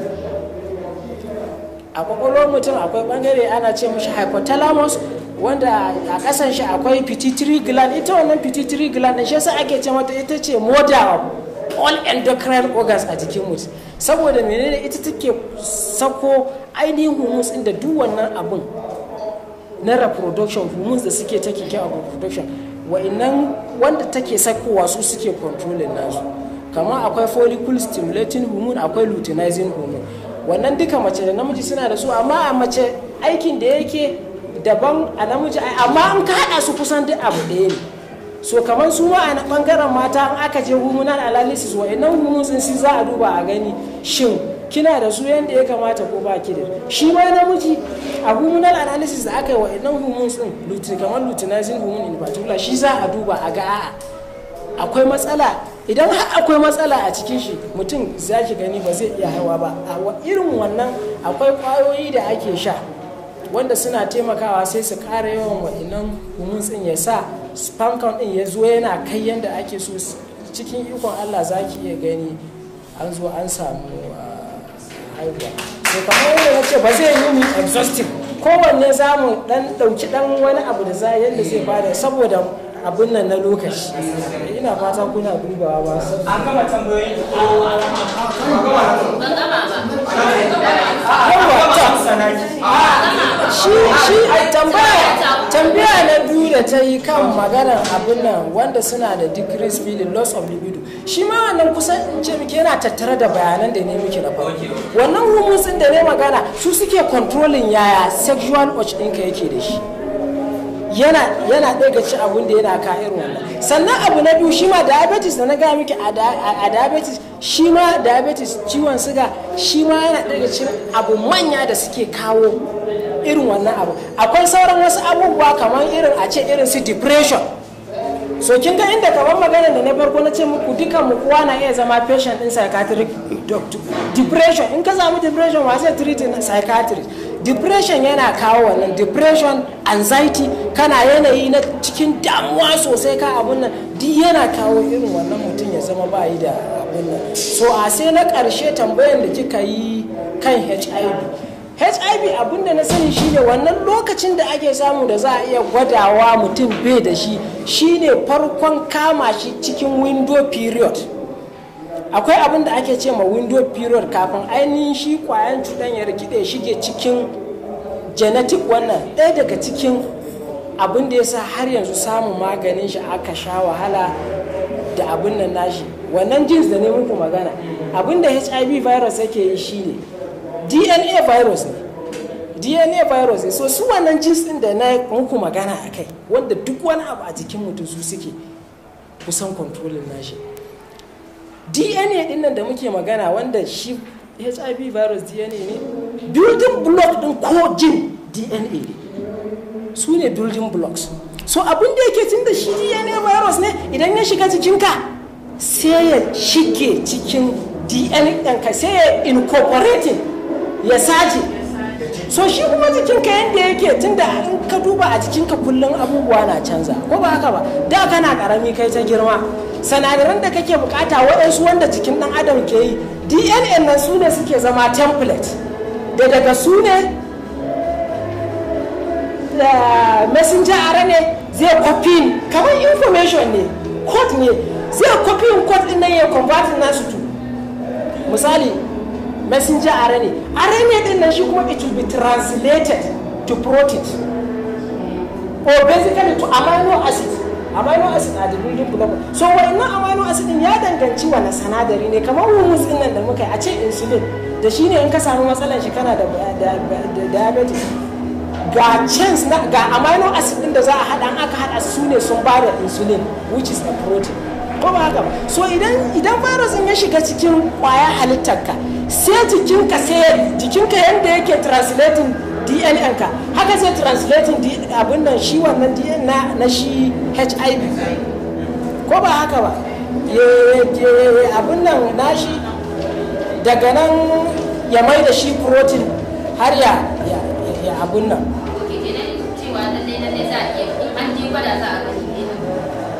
a kwakwalwar mutum akwai bangare ana ce mashi hypothalamus wanda a kasan shi akwai pituitary gland ita wannan pituitary gland din shi yasa ake ce mata ita ce moda all endocrine organs a jikin mutum saboda menene ita take sako ainihin hormones inda duk wannan abun na reproduction hormones da suke take ke a reproduction wa'annan wanda take sakowa su suke controlling nasu kamar akwai follicle stimulating hormone akwai luteinizing hormone wannan duka mace da namiji suna da su amma a mace aikin da yake daban a namiji amma an ka haɗa su kusan duk abu ɗaya ne so kamar su ma a bangaren mata an aka je hormonal analysis inan hormones sun za a duba a gani shin kina da su yadda ya kamata ko ba ki da shi ma namiji a hormonal analysis da aka yi wa'annan hormones din kamar luteinizing hormone in particular shi za a duba a ga akwai matsala idan har akwai matsala a cikin shi mutum za ki gani ba zai iya hawa ba a irin wannan akwai kwayoyi da ake sha wanda suna taimakawa sai su kara yawan waɗannan kumun tsin ya sa count ɗin ya zo yana kai yadda ake so cikin ikon Allah za ki iya gani an zo an samu ah, haihuwa sai kamar yadda na ce ba zai yi mu exhaustive kowanne za mu ɗan ɗauki ɗan wani abu da za yadda zai bada saboda abin nan na lokaci ina fata kuna dubawa ba su an gama tambayoyi shi tambaya na biyu da ta yi kan maganar abin nan wanda suna da decrease feeling loss of libido shi ma wannan kusan in ce muke yana tattare da bayanan da ne muke na farko wannan rumutsin da ne magana su suke controlling yaya sexual urge ɗinka yake da shi yana yana daga ci abun da yana ka irin wannan sannan abu na biyu shima diabetes da na gaya miki a diabetes shima diabetes ciwon suga shima yana daga cin abu manya da suke kawo irin wannan abu akwai sauran wasu abubuwa kamar irin a ce irin su depression so kin ga inda kamar magana da na farko na ce muku dukan mu kowa na iya zama patient din psychiatric doctor depression in ka samu depression wa sai treat psychiatrist depression yana kawo wannan depression anxiety kana yanayi na cikin damuwa sosai ka abun nan duk yana kawo irin wannan mutum ya zama ba yi da abun nan so a sai na karshe tambayan da kika yi kan hiv hiv abun da na sani shine wannan lokacin da ake samu da za a iya gwadawa mutum bai da shi shine farkon kama shi cikin window period akwai abin da ake ce ma window period kafin ainihin shi kwayan cutan ya rikide shige cikin genetic wannan daya daga cikin abin da ya sa har yanzu samun maganin shi aka sha wahala da abin nan nashi wannan jins da ne muku magana abin da hiv virus yake yi shi ne dna virus ne dna virus ne so su wannan jins din da na muku magana a kai wanda duk wani abu a jikin mutum su suke kusan kontrolin nashi dna din nan da muke magana wanda shi hiv virus dna ne building block din ko jin dna ne su ne building blocks so abin da yake tun da shi dna virus ne idan ya shiga jikinka sai ya shige cikin dna ɗanka sai ya incorporating ya saje so shi kuma jikinka yadda yake tunda in ka duba a jikinka kullum abubuwa na canza ko ba haka ba da kana karami kai ta girma sanadaran da kake bukata waɗansu wanda jikin ɗan adam ke yi dna nan su ne suke zama template da daga su ne da messenger ne zai copying kamar information ne code ne zai copying code na nan ya convert nasu to misali messenger RNA. array din nan shi kuma it will be translated to protein or oh, basically to amino acid amino acid a the building block so wayannan amino acid din ya danganci wani sanadari ne kamar humus din nan da muka yi a ce insulin da shi ne in ka samu matsalar shi kana da diabetes ga chance na ga amino acid din da za a hada aka hada su ne sun ba da insulin which is a protein ko ba haka ba so idan idan virus ya shiga cikin kwayar halittarka sai jikinka sai ka yadda yake translating dna ka haka sai translating abin nan shi wannan dna na shi hiv ko ba haka ba abin nan shi daga nan ya mai da shi protein har ya abin nan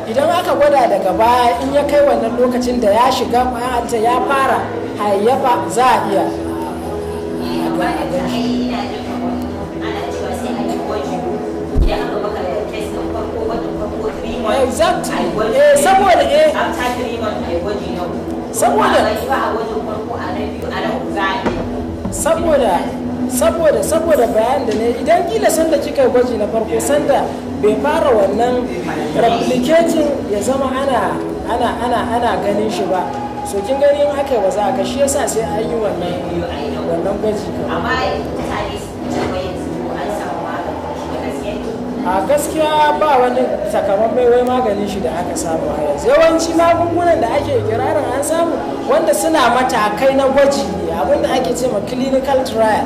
idan aka gwada daga baya in ya kai wannan lokacin da ya shiga ya fara hayyafa za a iya eh, eh. saboda saboda bayan da ne idan gila sanda kika gwaji na farko sanda bai fara wannan replicating ya zama ana ana ana ganin shi ba so kin gani in aka yi ba za a kashi yasa sai an yi wannan wannan gwaji amma a gaskiya ba wani sakamakon wai maganin shi da aka samu a yanzu yawanci magungunan da ake kirarin an samu wanda suna matakai na gwaji ne abinda ake ce ma clinical trial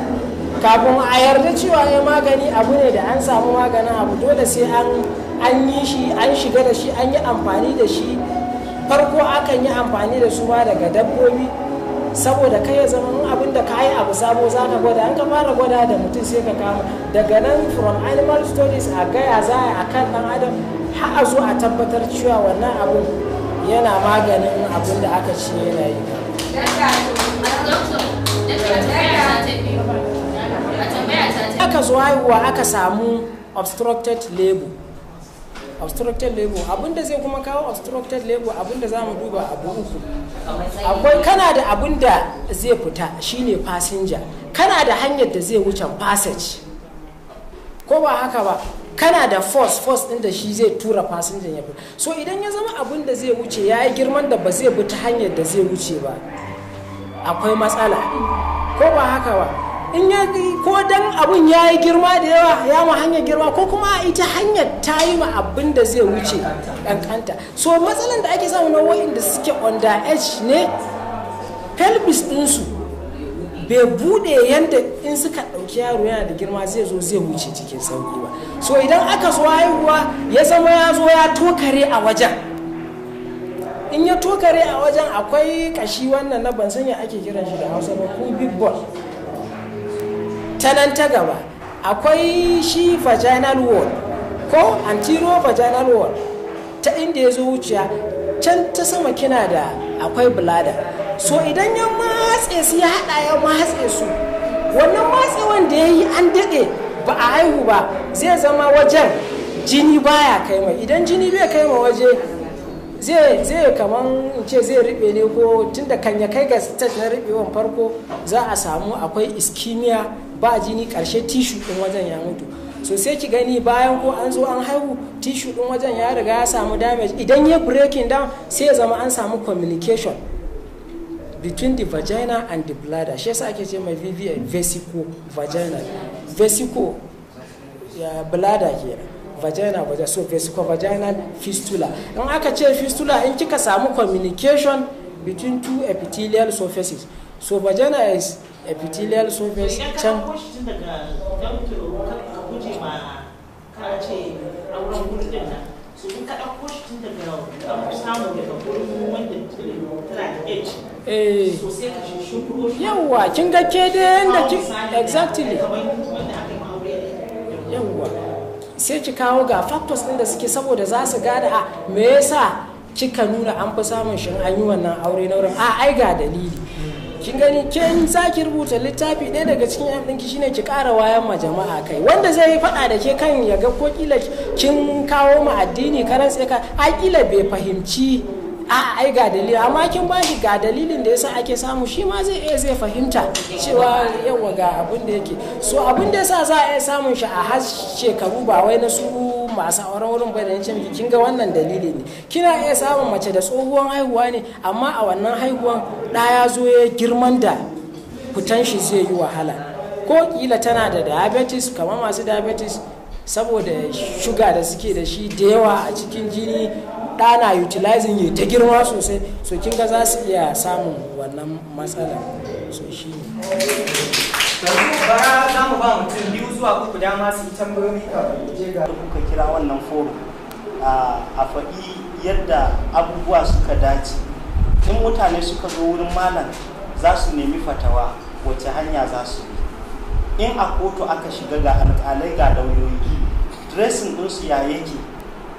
kafin a yarda cewa ya magani abu ne da an samu maganin abu dole sai an yi shi an shiga da shi an yi amfani da shi farko akan yi amfani da su ma daga dabbobi saboda kai ya zama abin da ka yi abu sabo za ka gwada an ka fara gwada da mutum sai ka kama daga nan from animal studies a gaya za a kan dan adam har a zo a tabbatar cewa wannan abun yana maganin abin da aka ce yana yi aka zo haihuwa aka samu obstructed labor obstructed labor abinda zai kuma kawo obstructed labor abinda za mu duba abu uku akwai kana da abinda zai fita shine fasinja kana da hanyar da zai wuce passage ko ba haka ba kana da force force din da shi zai tura fasinjan ya fita so idan ya zama abin da zai wuce ya yi girman da ba zai bi ta hanyar da zai wuce ba akwai matsala ko ba haka ba in ya ko dan abun ya yi girma da yawa ya ma hanyar girma ko kuma ita hanyar ta yi ma abin da zai wuce kankanta so matsalan da ake samu na da suke the edge ne pelvis ɗinsu bai bude yadda in suka ɗauki yaro yana da girma zai zo zai wuce cikin sauki ba so idan aka so haihuwa ya zama ya zo ya tokare a wajen in ya tokare a wajen akwai kashi wannan na ban sanya ake kiran shi da hausa ba ko big ball ta nan ta gaba akwai shi vaginal wall ko anterior vaginal wall ta inda ya zo wuciya can ta sama kina da akwai bladder so idan ya matse su ya haɗa ya matse su wannan matsewan da ya yi an daɗe ba a haihu ba zai zama wajen jini baya kai mai idan jini bai kai ma waje zai kaman ce zai riɓe ne ko tunda kan ya kai ga stage na riɓewan farko za a samu akwai iskimiya ba jini karshe tishu din wajen ya mutu so sai ki gani bayan ko an zo an haihu tishu din wajen ya riga ya samu damage idan ya breaking down sai ya zama an samu communication between the vagina and the bladder shi yasa ake ce mai vva vesico vagina vesico ya bladder kenan vagina vagina so vesico vagina fistula in aka ce fistula in kika samu communication between two epithelial surfaces so vagina is epithelial surface can yawwa kin ga ke da yadda ki exactly yawwa sai ki kawo ga factors ɗin da suke saboda za su gada a ah, me yasa kika nuna an fi samun shin an yi wannan aure na wurin a ah, ai ga dalili kin gani kin saki rubuta littafi ɗaya daga cikin yan ɗinki shine ki kara wayan ma jama'a kai wanda zai yi faɗa da ke kan ya ga ko kila kin kawo ma addini karan ka a kila bai fahimci a ai ga dalili amma kin ba ga dalilin da yasa ake samu shi ma zai iya zai fahimta cewa yawa ga abin da yake so abin da yasa za a iya samun shi a har shekaru ba wai na su masu auren wurin bai da nace miki kin wannan dalili ne kina iya samun mace da tsohuwan haihuwa ne amma a wannan haihuwan ɗa ya zo ya girman da fitan shi zai yi wahala ko kila tana da diabetes kamar masu diabetes saboda shuga da suke da shi da yawa a cikin jini ɗana utilizing ya ta girma sosai so kinga ga za su iya samun wannan matsala so shi ne zuwa uku dama kuka kira wannan forum a faɗi yadda abubuwa suka dace in mutane suka zo wurin malam za su nemi fatawa wace hanya za su bi in a kotu aka shiga ga alƙalai ga lauyoyi dresin ɗinsu ya yake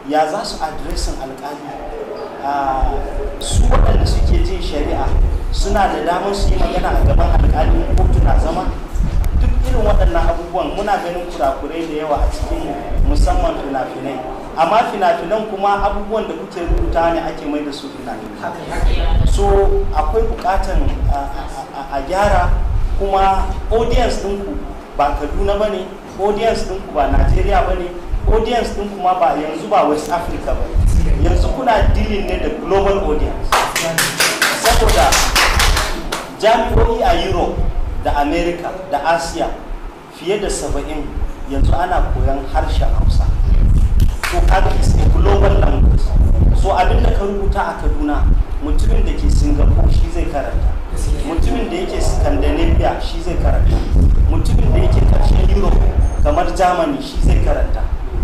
ya za su adresin alƙali su waɗanda suke jin shari'a suna da damar su yi magana a gaban alƙalin kotu na zama irin waɗannan abubuwan muna ganin kurakurai da yawa a cikin musamman fina-finai amma fina-finan kuma abubuwan da kuke rubuta ne ake mai da su fina so akwai bukatan a gyara kuma audience ɗinku ba kaduna ba ne audience ɗinku ba Nigeria ba ne audience ɗin kuma ba yanzu ba west africa ba yanzu kuna dealing ne da global audience saboda jami'o'i a europe da america da asiya fiye da saba'in yanzu ana koyon harshen hausa so kaga is a global language so abin da ka rubuta a kaduna mutumin da ke singapore shi zai karanta mutumin da yake scandinavia shi zai karanta mutumin da yake karshen europe kamar germany shi zai karanta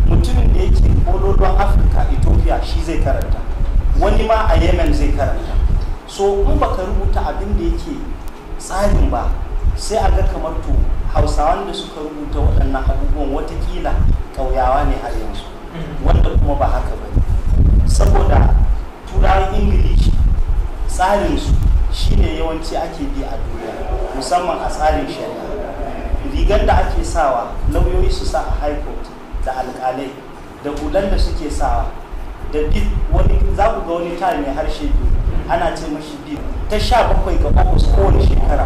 mutumin da yake kololon afirka ethiopia shi zai karanta wani ma a yemen zai karanta so in baka rubuta abin da yake tsarin ba sai a ga kamar to hausawan da suka rubuta waɗannan abubuwan watakila ƙauyawa ne a yanzu mm. wanda kuma ba haka ba saboda turawan ingilishi tsarinsu shine yawanci ake bi a duniya musamman a tsarin shari'a rigar da ake sawa lauyoyi su sa a high court da alkalai da hudan da suke sawa da bid wani za ku ga wani tari mai harshe biyu ana ce mashi bid ta sha bakwai ga ofis kowane shekara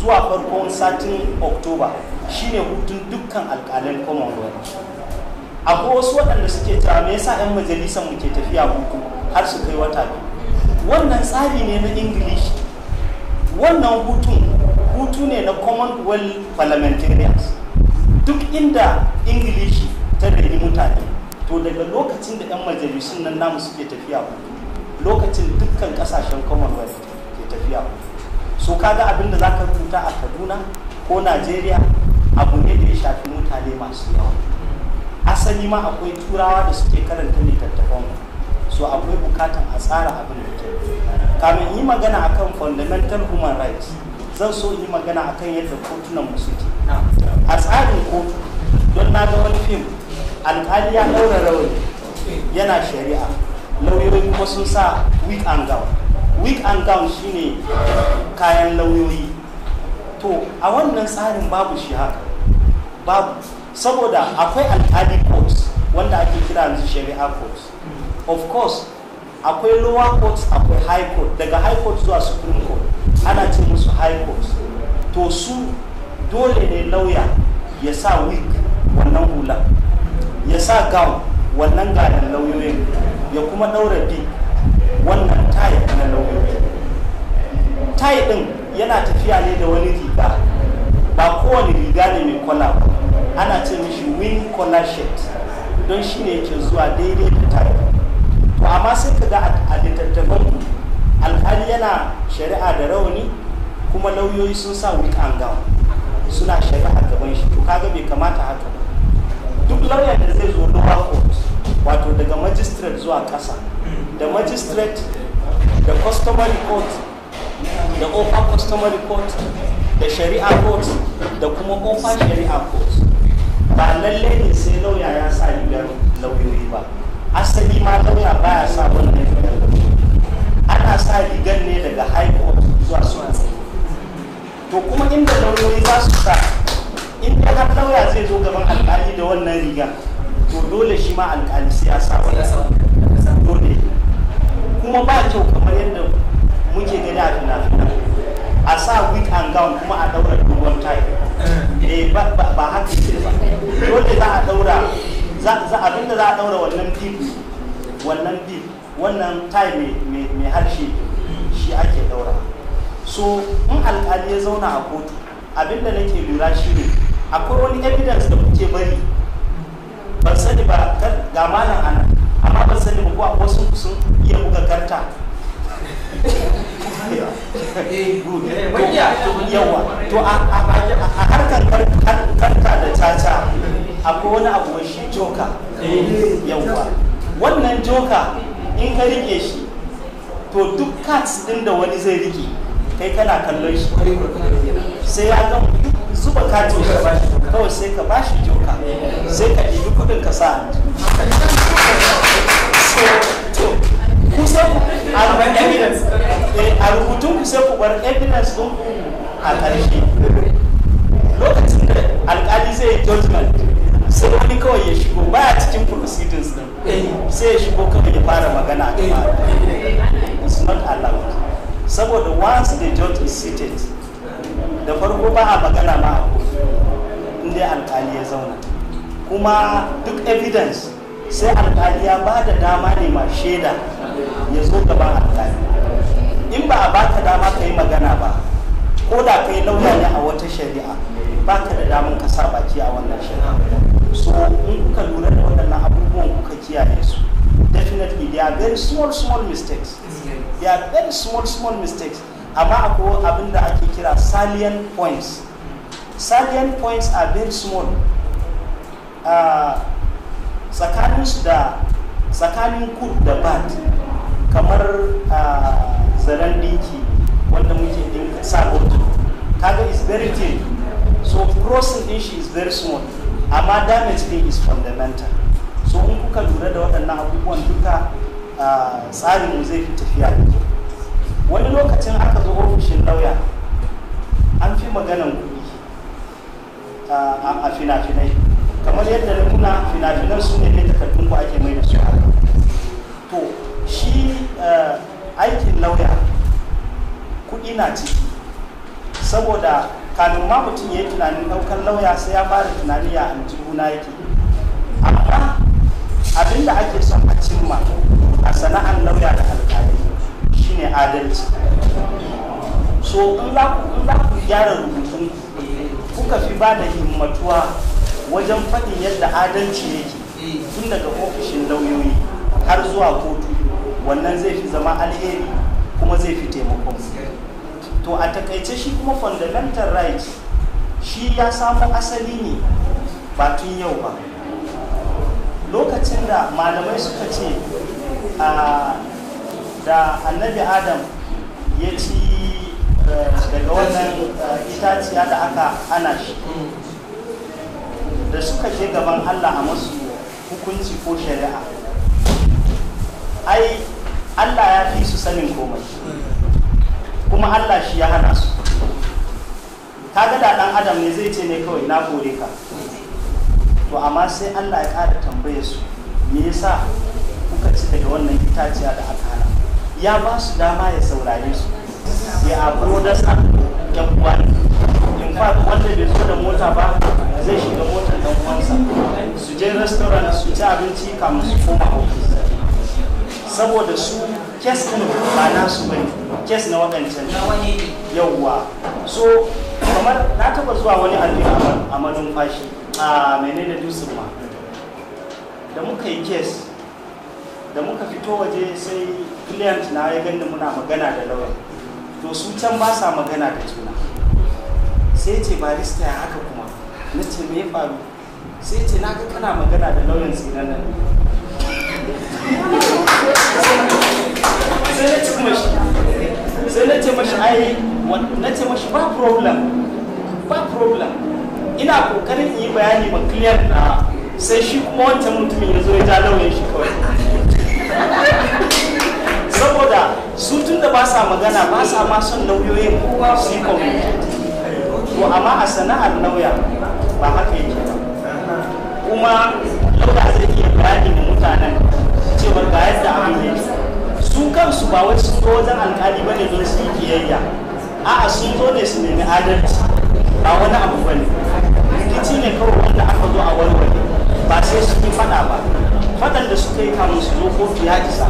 zuwa farkon satin oktoba shine hutun dukkan alkalin commonwealth akwai wasu waɗanda suke cewa me yasa 'yan majalisar mu ke tafiya hutu har su kai wata biyu wannan tsari ne na ingilishi wannan hutun hutu ne na commonwealth parliamentarians duk inda ingilishi ta reni mutane to daga lokacin da 'yan majalisun nan namu suke tafiya hutu lokacin dukkan kasashen commonwealth ke tafiya hutu so ga abin da ka rubuta a kaduna ko najeriya abu ne da ya shafi mutane masu yawa asali ma akwai turawa da suke karanta littattafan so akwai bukatan a tsara abin da ke kamin yi magana akan fundamental human rights zan so yi magana akan yadda kotunan mu suke a tsarin kotu don na ga wani fim alkali ya ɗaura rauni yana shari'a lauyoyi kuma sun sa week and gown week and down shine kayan lauyoyi to a wannan tsarin babu shi haka babu saboda akwai al'adi courts wanda ake kira yanzu shari'a courts of course akwai lower courts akwai high court daga high court zuwa supreme court ana ce musu high court to su dole ne lauya ya sa wig wannan hula ya sa gown wannan gadan lauyoyin ya kuma daura bi wannan tayi na lauyoyi tayi din yana tafiya ne da wani riga ba kowane riga ne mai kwana ana ce mishi win collar shirt don shi ne yake zuwa daidai da tayi to amma sai ka ga a littattafan alhali yana shari'a da rauni kuma lauyoyi sun sa week an suna shari'a gaban shi to kaga bai kamata haka ba duk lauyan da zai zo lower court wato daga magistrate zuwa ƙasa da magistrate da customary court da offer customary court da shari'a court da kuma offer shari'a court ba lallai ne sai lauya ya sa rigar lauyoyi ba asali ma lauya ya sa wannan rigar ana sa rigar ne daga high court zuwa to kuma inda lauyoyi za su sa inda har lauya zai zo gaban alkali da wannan riga to dole shi ma alkali sai ya sa wannan dole kuma ba kyau kamar yadda muke gani a fina-fina a sa wig and gown kuma a daura dogon tie eh ba ba haka yake ba dole za a daura za abinda za a daura wannan deep wannan deep wannan tie mai harshe shi ake daura so in alƙali ya zauna a kotu abinda nake lura shi ne akwai wani evidence da kuke bari ban sani ba ga malam anan amma ban sani ba ko a wasu sun iya buga karta eh, eh, yawa to a harkar karta da caca akwai wani abu mai shi joka eh. yawa wannan joka in ka rike shi to duk cats din da wani zai rike kai kana kallon shi sai ya ga zuba kati ka bashi kawai sai ka bashi joka sai ka ɗibi kuɗin ka sa ku sai a rubutun ku sai ku bar evidence don ku a ƙarshe lokacin da alƙali zai yi judgment sai wani kawai ya shigo ba a cikin proceedings din sai ya shigo kawai ya fara magana a it's not allowed saboda once the judge is seated da farko ba a magana ma a inda alƙali ya zauna kuma duk evidence sai alkali ya ba da dama ne ma shaida ya zo gaban alkali in ba a baka dama ka yi magana ba ko da ka yi lauya ne a wata shari'a ba ka da damar ka sa baki a wannan shari'a so in kuka lura da waɗannan abubuwan kuka kiyaye su definitely they are very small small mistakes they are very small small mistakes amma akwai abin da ake kira salient points salient points are very small uh, tsakanin su da tsakanin kud da bat kamar zaren dinki wanda muke dinka sa kaga is very thin so crossing din shi is very small amma damage din is fundamental so in kuka lura da waɗannan abubuwan duka tsarin mu zai fi tafiya da wani lokacin aka zo ofishin lauya an fi maganan kuɗi a fina-finai kamar yadda da kuna finafinan su ne mai takardun ku ake mai da su haka to shi eh, aikin lauya kuɗi na ciki saboda kanin ma mutum ya yi tunanin ɗaukar lauya sai ya fara tunani ya guna yake amma abinda ake son a cimma a sana'an lauya da alƙali shine adalci so in za ku gyara rubutun kuka fi ba da himmatuwa wajen faɗin yadda adalci yake tun daga ofishin lauyoyi har zuwa kotu wannan zai fi zama alheri kuma zai fi taimakon to a takaice shi kuma fundamental right shi ya samu asali ne ba tun yau ba lokacin da malamai suka ce da annabi adam ya ci eh, daga wannan eh, itaciya da aka ana shi da suka je gaban Allah a masu hukunci ko shari'a ai Allah ya fi su sanin komai kuma Allah shi ya hana su kaga da dan adam ne zai ce ne kawai na kore ka to amma sai Allah ya ƙara tambaye su me yasa kuka ci daga wannan itaciya da aka hana ya ba su dama ya saurare su ya abu da sa yan park wanda bai zo da mota ba zai shiga motar dan uwansa su je restaurant su ci abinci kamar su koma ofis saboda su kes din ba su bane kes na na wani yawwa so kamar na taɓa zuwa wani aljihu a fashi a menene dusin ma da muka yi kes da muka fito waje sai client na ya gani muna magana da lawa to su can ba sa magana da juna sai ce barista ya haka kuma na ce me faru sai ce na ga kana magana da lauyan tsinan nan sai na ce mashi ai na ce mashi ba problem ba problem ina kokarin yi bayani ma kliyar na sai shi kuma wancan mutumin ya zo ya ja lauyan shi kawai saboda su tun da ba sa magana ba sa ma son lauyoyin kowa su yi communicating to amma a sana'ar lauya ba haka yake ba kuma lauya zai iya bayani da mutanen cewar ga yadda abin yake su kansu ba wai sun zo wajen alkali bane don su yi kiyayya a'a sun zo ne su nemi adalci ba wani abu bane rikici ne kawai wanda aka zo a warware ba sai su yi fada ba fadan da suka yi kamun su zo ko fiya isa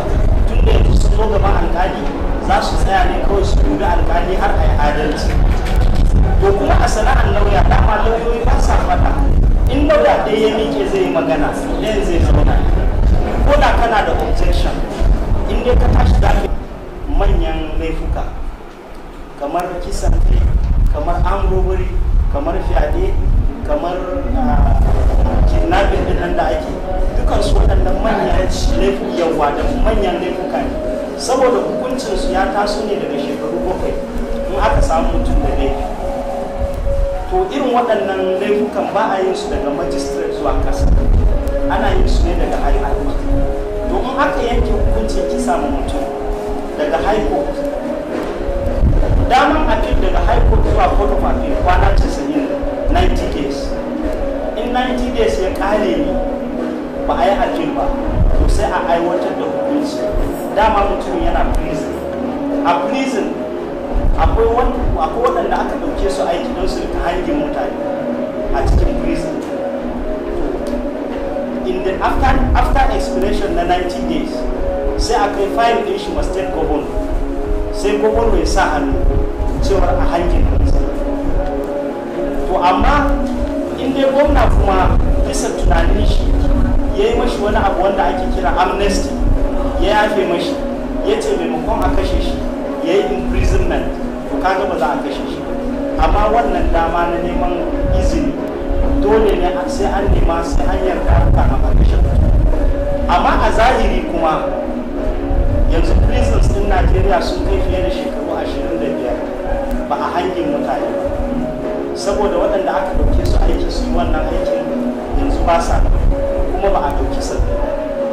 tun da yanzu sun zo gaban alkali za su tsaya ne kawai su dubi alkali har a yi adalci to kuma a sana'ar lauya dama lauyoyi ba sa fada in lauya ɗaya ya miƙe zai magana ɗayan zai zauna ko da kana da objection in dai ka tashi da manyan laifuka kamar kisan kai kamar amrobari kamar fyaɗe kamar ah, kidnapping ɗin da ake dukan su waɗannan manyan laifuka da manyan laifuka ne saboda hukuncinsu ya taso ne daga shekaru bakwai in aka samu mutum da laifi to irin waɗannan laifukan ba a yin su daga magistrate zuwa ƙasa ana yin su ne daga high court domin haka yanke hukuncin kisa ma mutum daga high court daman appeal daga high court zuwa court of appeal kwana 90 90 days in 90 days ya kare ni ba a yi appeal ba to sai a aiwatar da hukunci dama mutum yana prison a prison akwai waɗanda aka ɗauke su aiki don su ta mutane a cikin prison in the after, after expiration na 90 days sai a kai fayil ɗin shi mastate kobon sai kobon mai sa hannu cewar a hange to amma in dai gwamna kuma bisa tunanin shi ya yi mashi wani abu wanda ake kira amnesty ya yafe mashi ya ce maimakon a kashe shi ya yi imprisonment kaga ba za a kashe shi amma wannan dama na neman izini dole ne sai an nema sai an yarda kan a kashe amma a zahiri kuma yanzu prisons din najeriya sun kai fiye da shekaru ashirin da biyar ba a hangin mutane ba saboda waɗanda aka ɗauke su aiki su yi wannan aikin yanzu ba sa kuma ba a ɗauki sabbi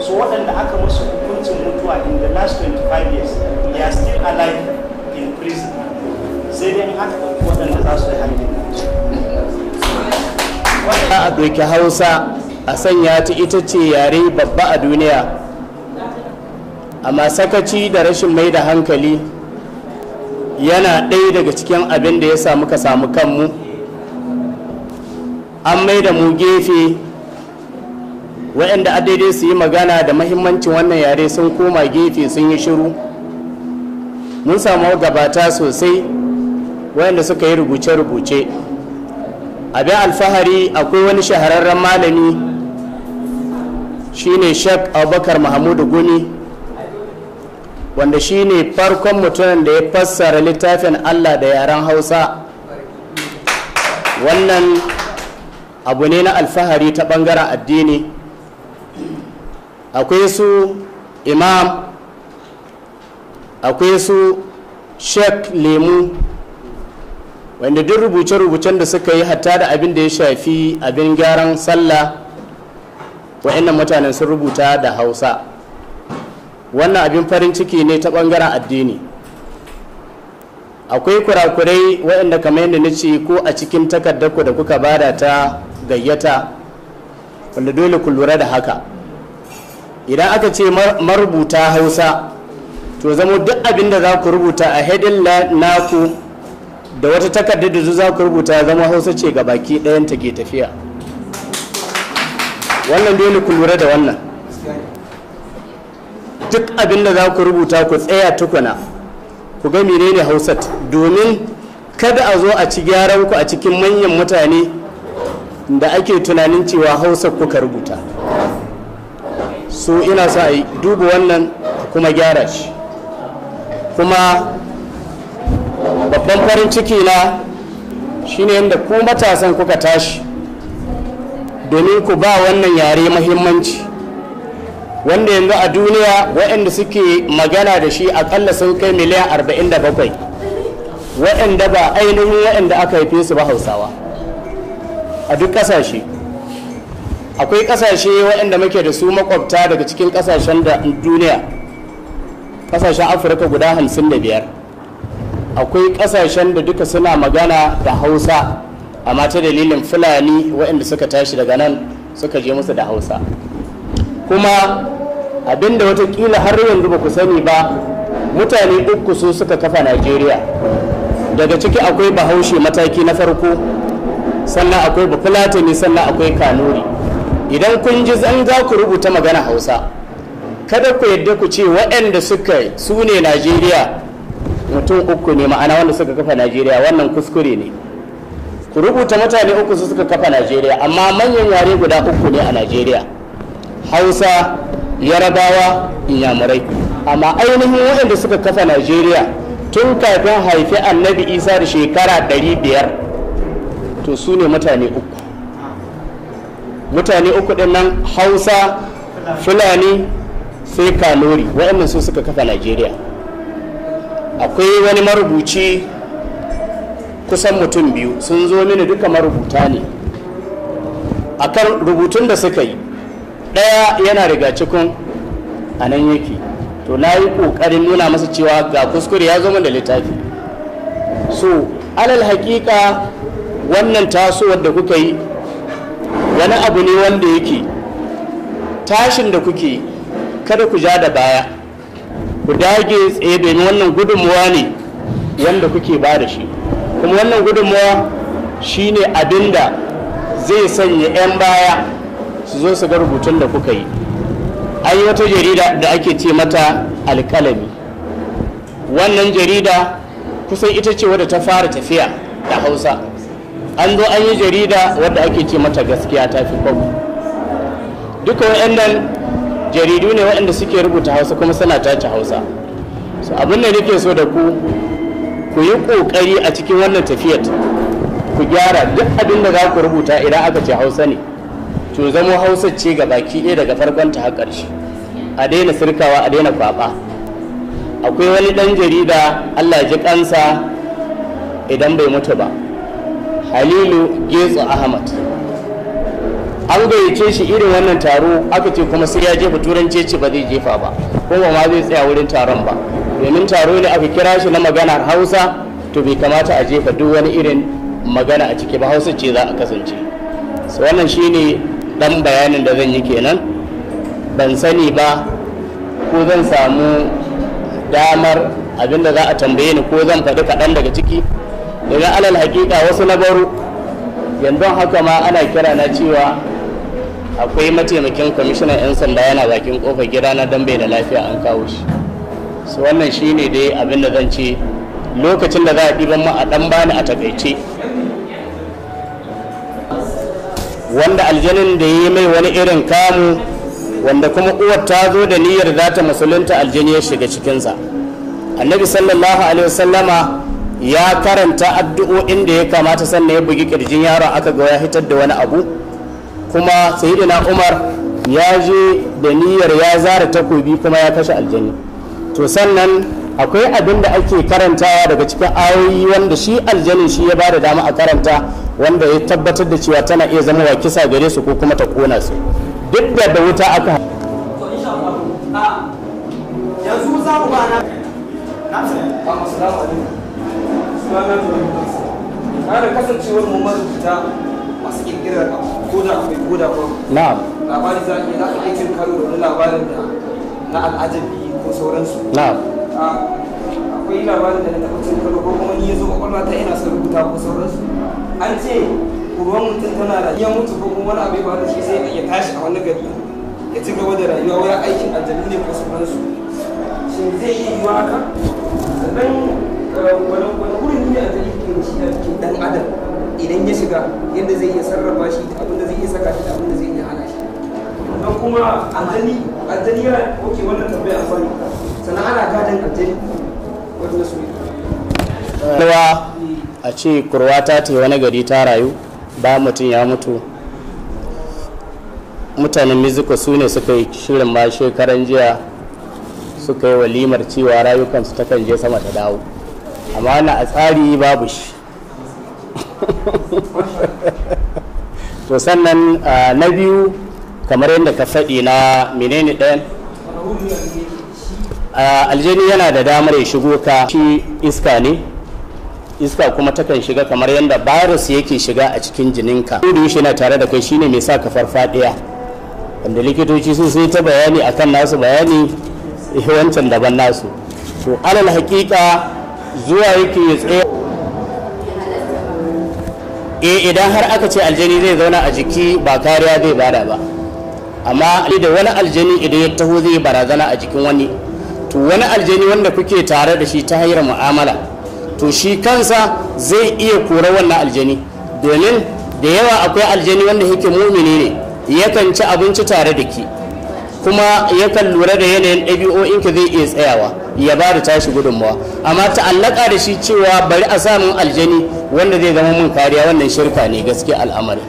so waɗanda aka musu hukuncin mutuwa in the last 25 years they are still alive in prison a ɗauki hausa a sanya ta ita ce yare babba a duniya amma sakaci da rashin mai da hankali yana ɗaya daga cikin abin da ya samu ka samu kanmu an mai da mu gefe waɗanda a daidai su yi magana da mahimmancin wannan yare sun koma gefe sun yi shiru mun samu gabata sosai wayanda suka yi rubuce-rubuce abin alfahari akwai wani shahararren malami shine shek abubakar mahamudu guni wanda shine farkon mutumin da ya fassara littafin allah da yaren hausa wannan abu ne na alfahari ta bangaren addini akwai su imam akwai su shek lemu wanda duk rubuce-rubucen da suka yi hatta da abin da ya shafi abin gyaran sallah wa'annan mutanen sun rubuta da hausa wannan abin farin ciki ne ta ɓangaren addini akwai kurakurai waɗanda kamar yadda na ce ko a cikin takardar da kuka bada ta gayyata wanda dole ku lura da haka idan aka ce marubuta hausa to zama duk abin da za ku rubuta a hedin naku da wata takardar da za ku rubuta zama hausa ce ga baki ɗayan ta ke tafiya wannan dole ku lura da wannan duk abin da za ku rubuta ku tsaya tukuna ku ga menene hausat domin kada a zo a ci gyaran ku a cikin manyan mutane da ake tunanin cewa hausa kuka rubuta so ina sa a duba wannan kuma gyara shi kuma babban farin ciki na shine yadda ku matasan kuka tashi domin ku ba wannan yare mahimmanci wanda yanzu a duniya waɗanda suke magana da shi akalla sun kai miliyan 47 waɗanda ba ainihin waɗanda aka haife su ba hausawa a duk ƙasashe akwai ƙasashe waɗanda muke da su makwabta daga cikin ƙasashen da duniya ƙasashen afirka guda 55 akwai kasashen da duka suna magana da hausa amma ta dalilin fulani waɗanda suka tashi daga nan suka je musu da hausa kuma abinda watakila har yanzu ba ku sani ba mutane uku su suka kafa najeriya daga ciki akwai bahaushe mataki na farko sannan akwai bafulatani sannan akwai kanuri idan kun ji zan za ku rubuta magana hausa kada ku yadda ku ce waɗanda suka su ne najeriya mutum uku ne ma'ana wanda suka kafa najeriya wannan kuskure ne ku rubuta mutane uku su suka kafa najeriya amma manyan yare guda uku ne a najeriya hausa yarabawa inyamurai amma ainihin waɗanda suka kafa najeriya tun kafin haifi annabi isa da shekara 500 to su ne mutane uku mutane uku ɗin nan hausa fulani sai kanori waɗannan su suka kafa najeriya akwai wani marubuci kusan mutum biyu sun zo mini duka marubuta ne akan rubutun da suka yi ɗaya yana riga cikin a nan yake to na yi ƙoƙarin nuna masa cewa ga kuskure ya zo da littafi so alal haƙiƙa wannan tasowar da kuka yi wani abu ne wanda yake tashin da kuke kada ku ja da baya ku dage tsaye domin wannan gudunmuwa ne wanda kuke ba da shi kuma wannan gudunmuwa shi ne abinda zai sanya 'yan baya su zo su ga rubutun da kuka yi an yi wata jarida da ake ce mata alkalami wannan jarida kusan ita ce wadda ta fara tafiya da hausa an zo an yi jarida wadda ake ce mata gaskiya ta fi kwabo duka wa'annan jaridu ne waɗanda suke rubuta hausa kuma suna tace hausa so abin da nake so da ku ku yi ƙoƙari a cikin wannan tafiyar ku gyara duk abin da za ku rubuta idan aka ce hausa ne to zamo hausa ce ga baki ɗaya daga farkon ta har a daina sirkawa a daina kwaɓa akwai wani ɗan jarida allah ji kansa idan bai mutu ba halilu Getso ahmad an gayyace shi irin wannan taro aka ce kuma sai ya jefa turanci ce ba zai jefa ba kuma ma zai tsaya wurin taron ba domin taro ne aka kira shi na maganar hausa to bai kamata a jefa duk wani irin magana a ciki ba hausa ce za a kasance so wannan shine dan bayanin da zan yi kenan ban sani ba ko zan samu damar abinda za a tambaye ni ko zan faɗi kaɗan daga ciki domin alal hakika wasu na baro yanzu haka ma ana kira na cewa akwai mataimakin kwamishinan 'yan sanda yana bakin kofar gida na dambe da lafiya an kawo shi su wannan shi ne dai abin da zan ce lokacin da za a ɗiban ma a ɗan bani a takaice wanda aljanin da ya yi mai wani irin kamu wanda kuma uwar ta zo da niyyar za ta musulunta aljani ya shiga cikinsa annabi sallallahu alaihi wasallama ya karanta addu'o'in da ya kamata sannan ya bugi kirjin yaron aka ga ya hitar da wani abu kuma sayyidina umar ya je da niyyar ya zara takobi kuma ya kashe aljani to sannan akwai abin da ake karantawa daga cikin ayoyi wanda shi aljani shi ya ba da dama a karanta wanda ya tabbatar da cewa tana iya zama wa kisa gare su ko kuma ta kona su duk da da wuta aka yanzu za mu ba na na da kasancewar mu marubuta irin ko da akwai ko da na'am za ka cin karo da labarin da na al'ajabi ko sauransu na'am ah, akwai labarin da na taɓa cin karo ko kuma ni ya zo kwakwalwa ta ina son rubuta ko sauransu an ce ruwan mutum tana da iya mutu ko kuma wani abu ya shi sai ya tashi a wani gari ya ci gaba da rayuwa wani aikin aljabi ne ko sauransu shin zai yiwa haka sannan eh, wani ne a cikin dan adam idan ya shiga yadda zai iya sarrafa shi da abin da zai iya saka shi da abin da zai iya hana shi don kuma aljani aljani ya oke wannan tambaya amfani sannan ana gadon aljani wajen su Kurwa a ce kurwata ta ce wani gari ta rayu ba mutum ya mutu mutanen mexico su ne suka yi shirin ma shekaran jiya suka yi walimar cewa rayukansu takan je sama ta dawo amma na a tsari babu shi to sannan ah, na biyu kamar yadda ka faɗi na menene ɗayan ah, aljini yana da damar ya shigo ka shi iska ne iska kuma takan shiga kamar yadda virus yake shiga a cikin jininka da shi yana tare da kai shine mai sa ka farfaɗiya wanda likitoci sun sai ta bayani akan nasu bayani eh, wancan daban nasu to alal hakika zuwa yake ya tsaye E, idan har aka ce aljani zai zauna a jiki ba kariya zai bada ba amma da wani aljani idan ya taho zai barazana a jikin wani to wani aljani wanda kuke tare da shi ta hanyar mu'amala to shi kansa zai iya kora wannan aljani domin da yawa akwai aljani wanda yake mumini ne yakan ci abinci tare da ki kuma yakan lura da yanayin ɗabi'o'inka zai iya tsayawa ya ba da tashi gudunmawa amma ta'allaka da shi cewa bari a samun aljani wanda zai zama mun kariya wannan shirka ne gaske al'amari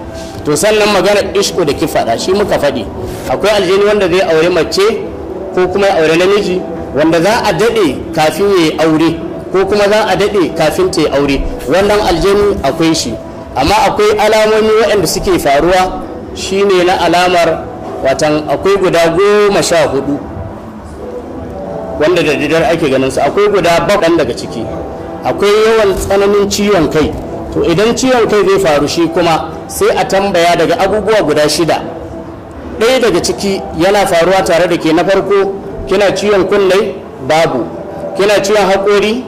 to sannan magana ishku da kifada shi muka faɗi akwai aljani wanda zai aure mace ko kuma ya aure namiji wanda za a daɗe kafin ya aure ko kuma za a daɗe kafin ta aure wannan aljani akwai shi amma akwai alamomi waɗanda suke faruwa shine na alamar watan akwai guda goma sha hudu wanda da didar ake ganin su akwai guda bakwai daga ciki akwai yawan tsananin ciwon kai to idan ciwon kai zai faru shi kuma sai a tambaya daga abubuwa guda shida ɗaya daga ciki yana faruwa tare da ke na farko kina ciwon kunne babu kina ciwon haƙori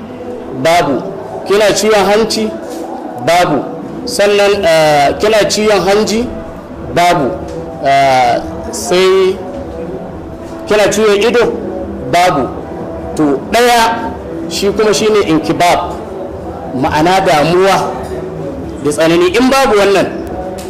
babu kina ciwon hanci babu sannan uh, kina ciwon hanji babu eh, sai kina ciwon ido babu to ɗaya shi kuma shine inkibab ma'ana damuwa da tsanani in babu wannan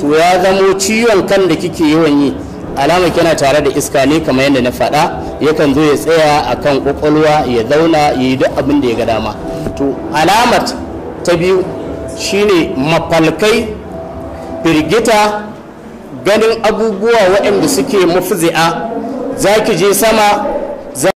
to ya zamo ciwon kan da kike yawan yi alama kina tare da iska ne kamar yadda na faɗa yakan zo ya tsaya a kan ƙwaƙwalwa ya zauna ya yi duk abin da ya ga dama to alamar ta biyu shine mafalkai firgita ganin abubuwa waɗanda suke mafizi'a, za ki je sama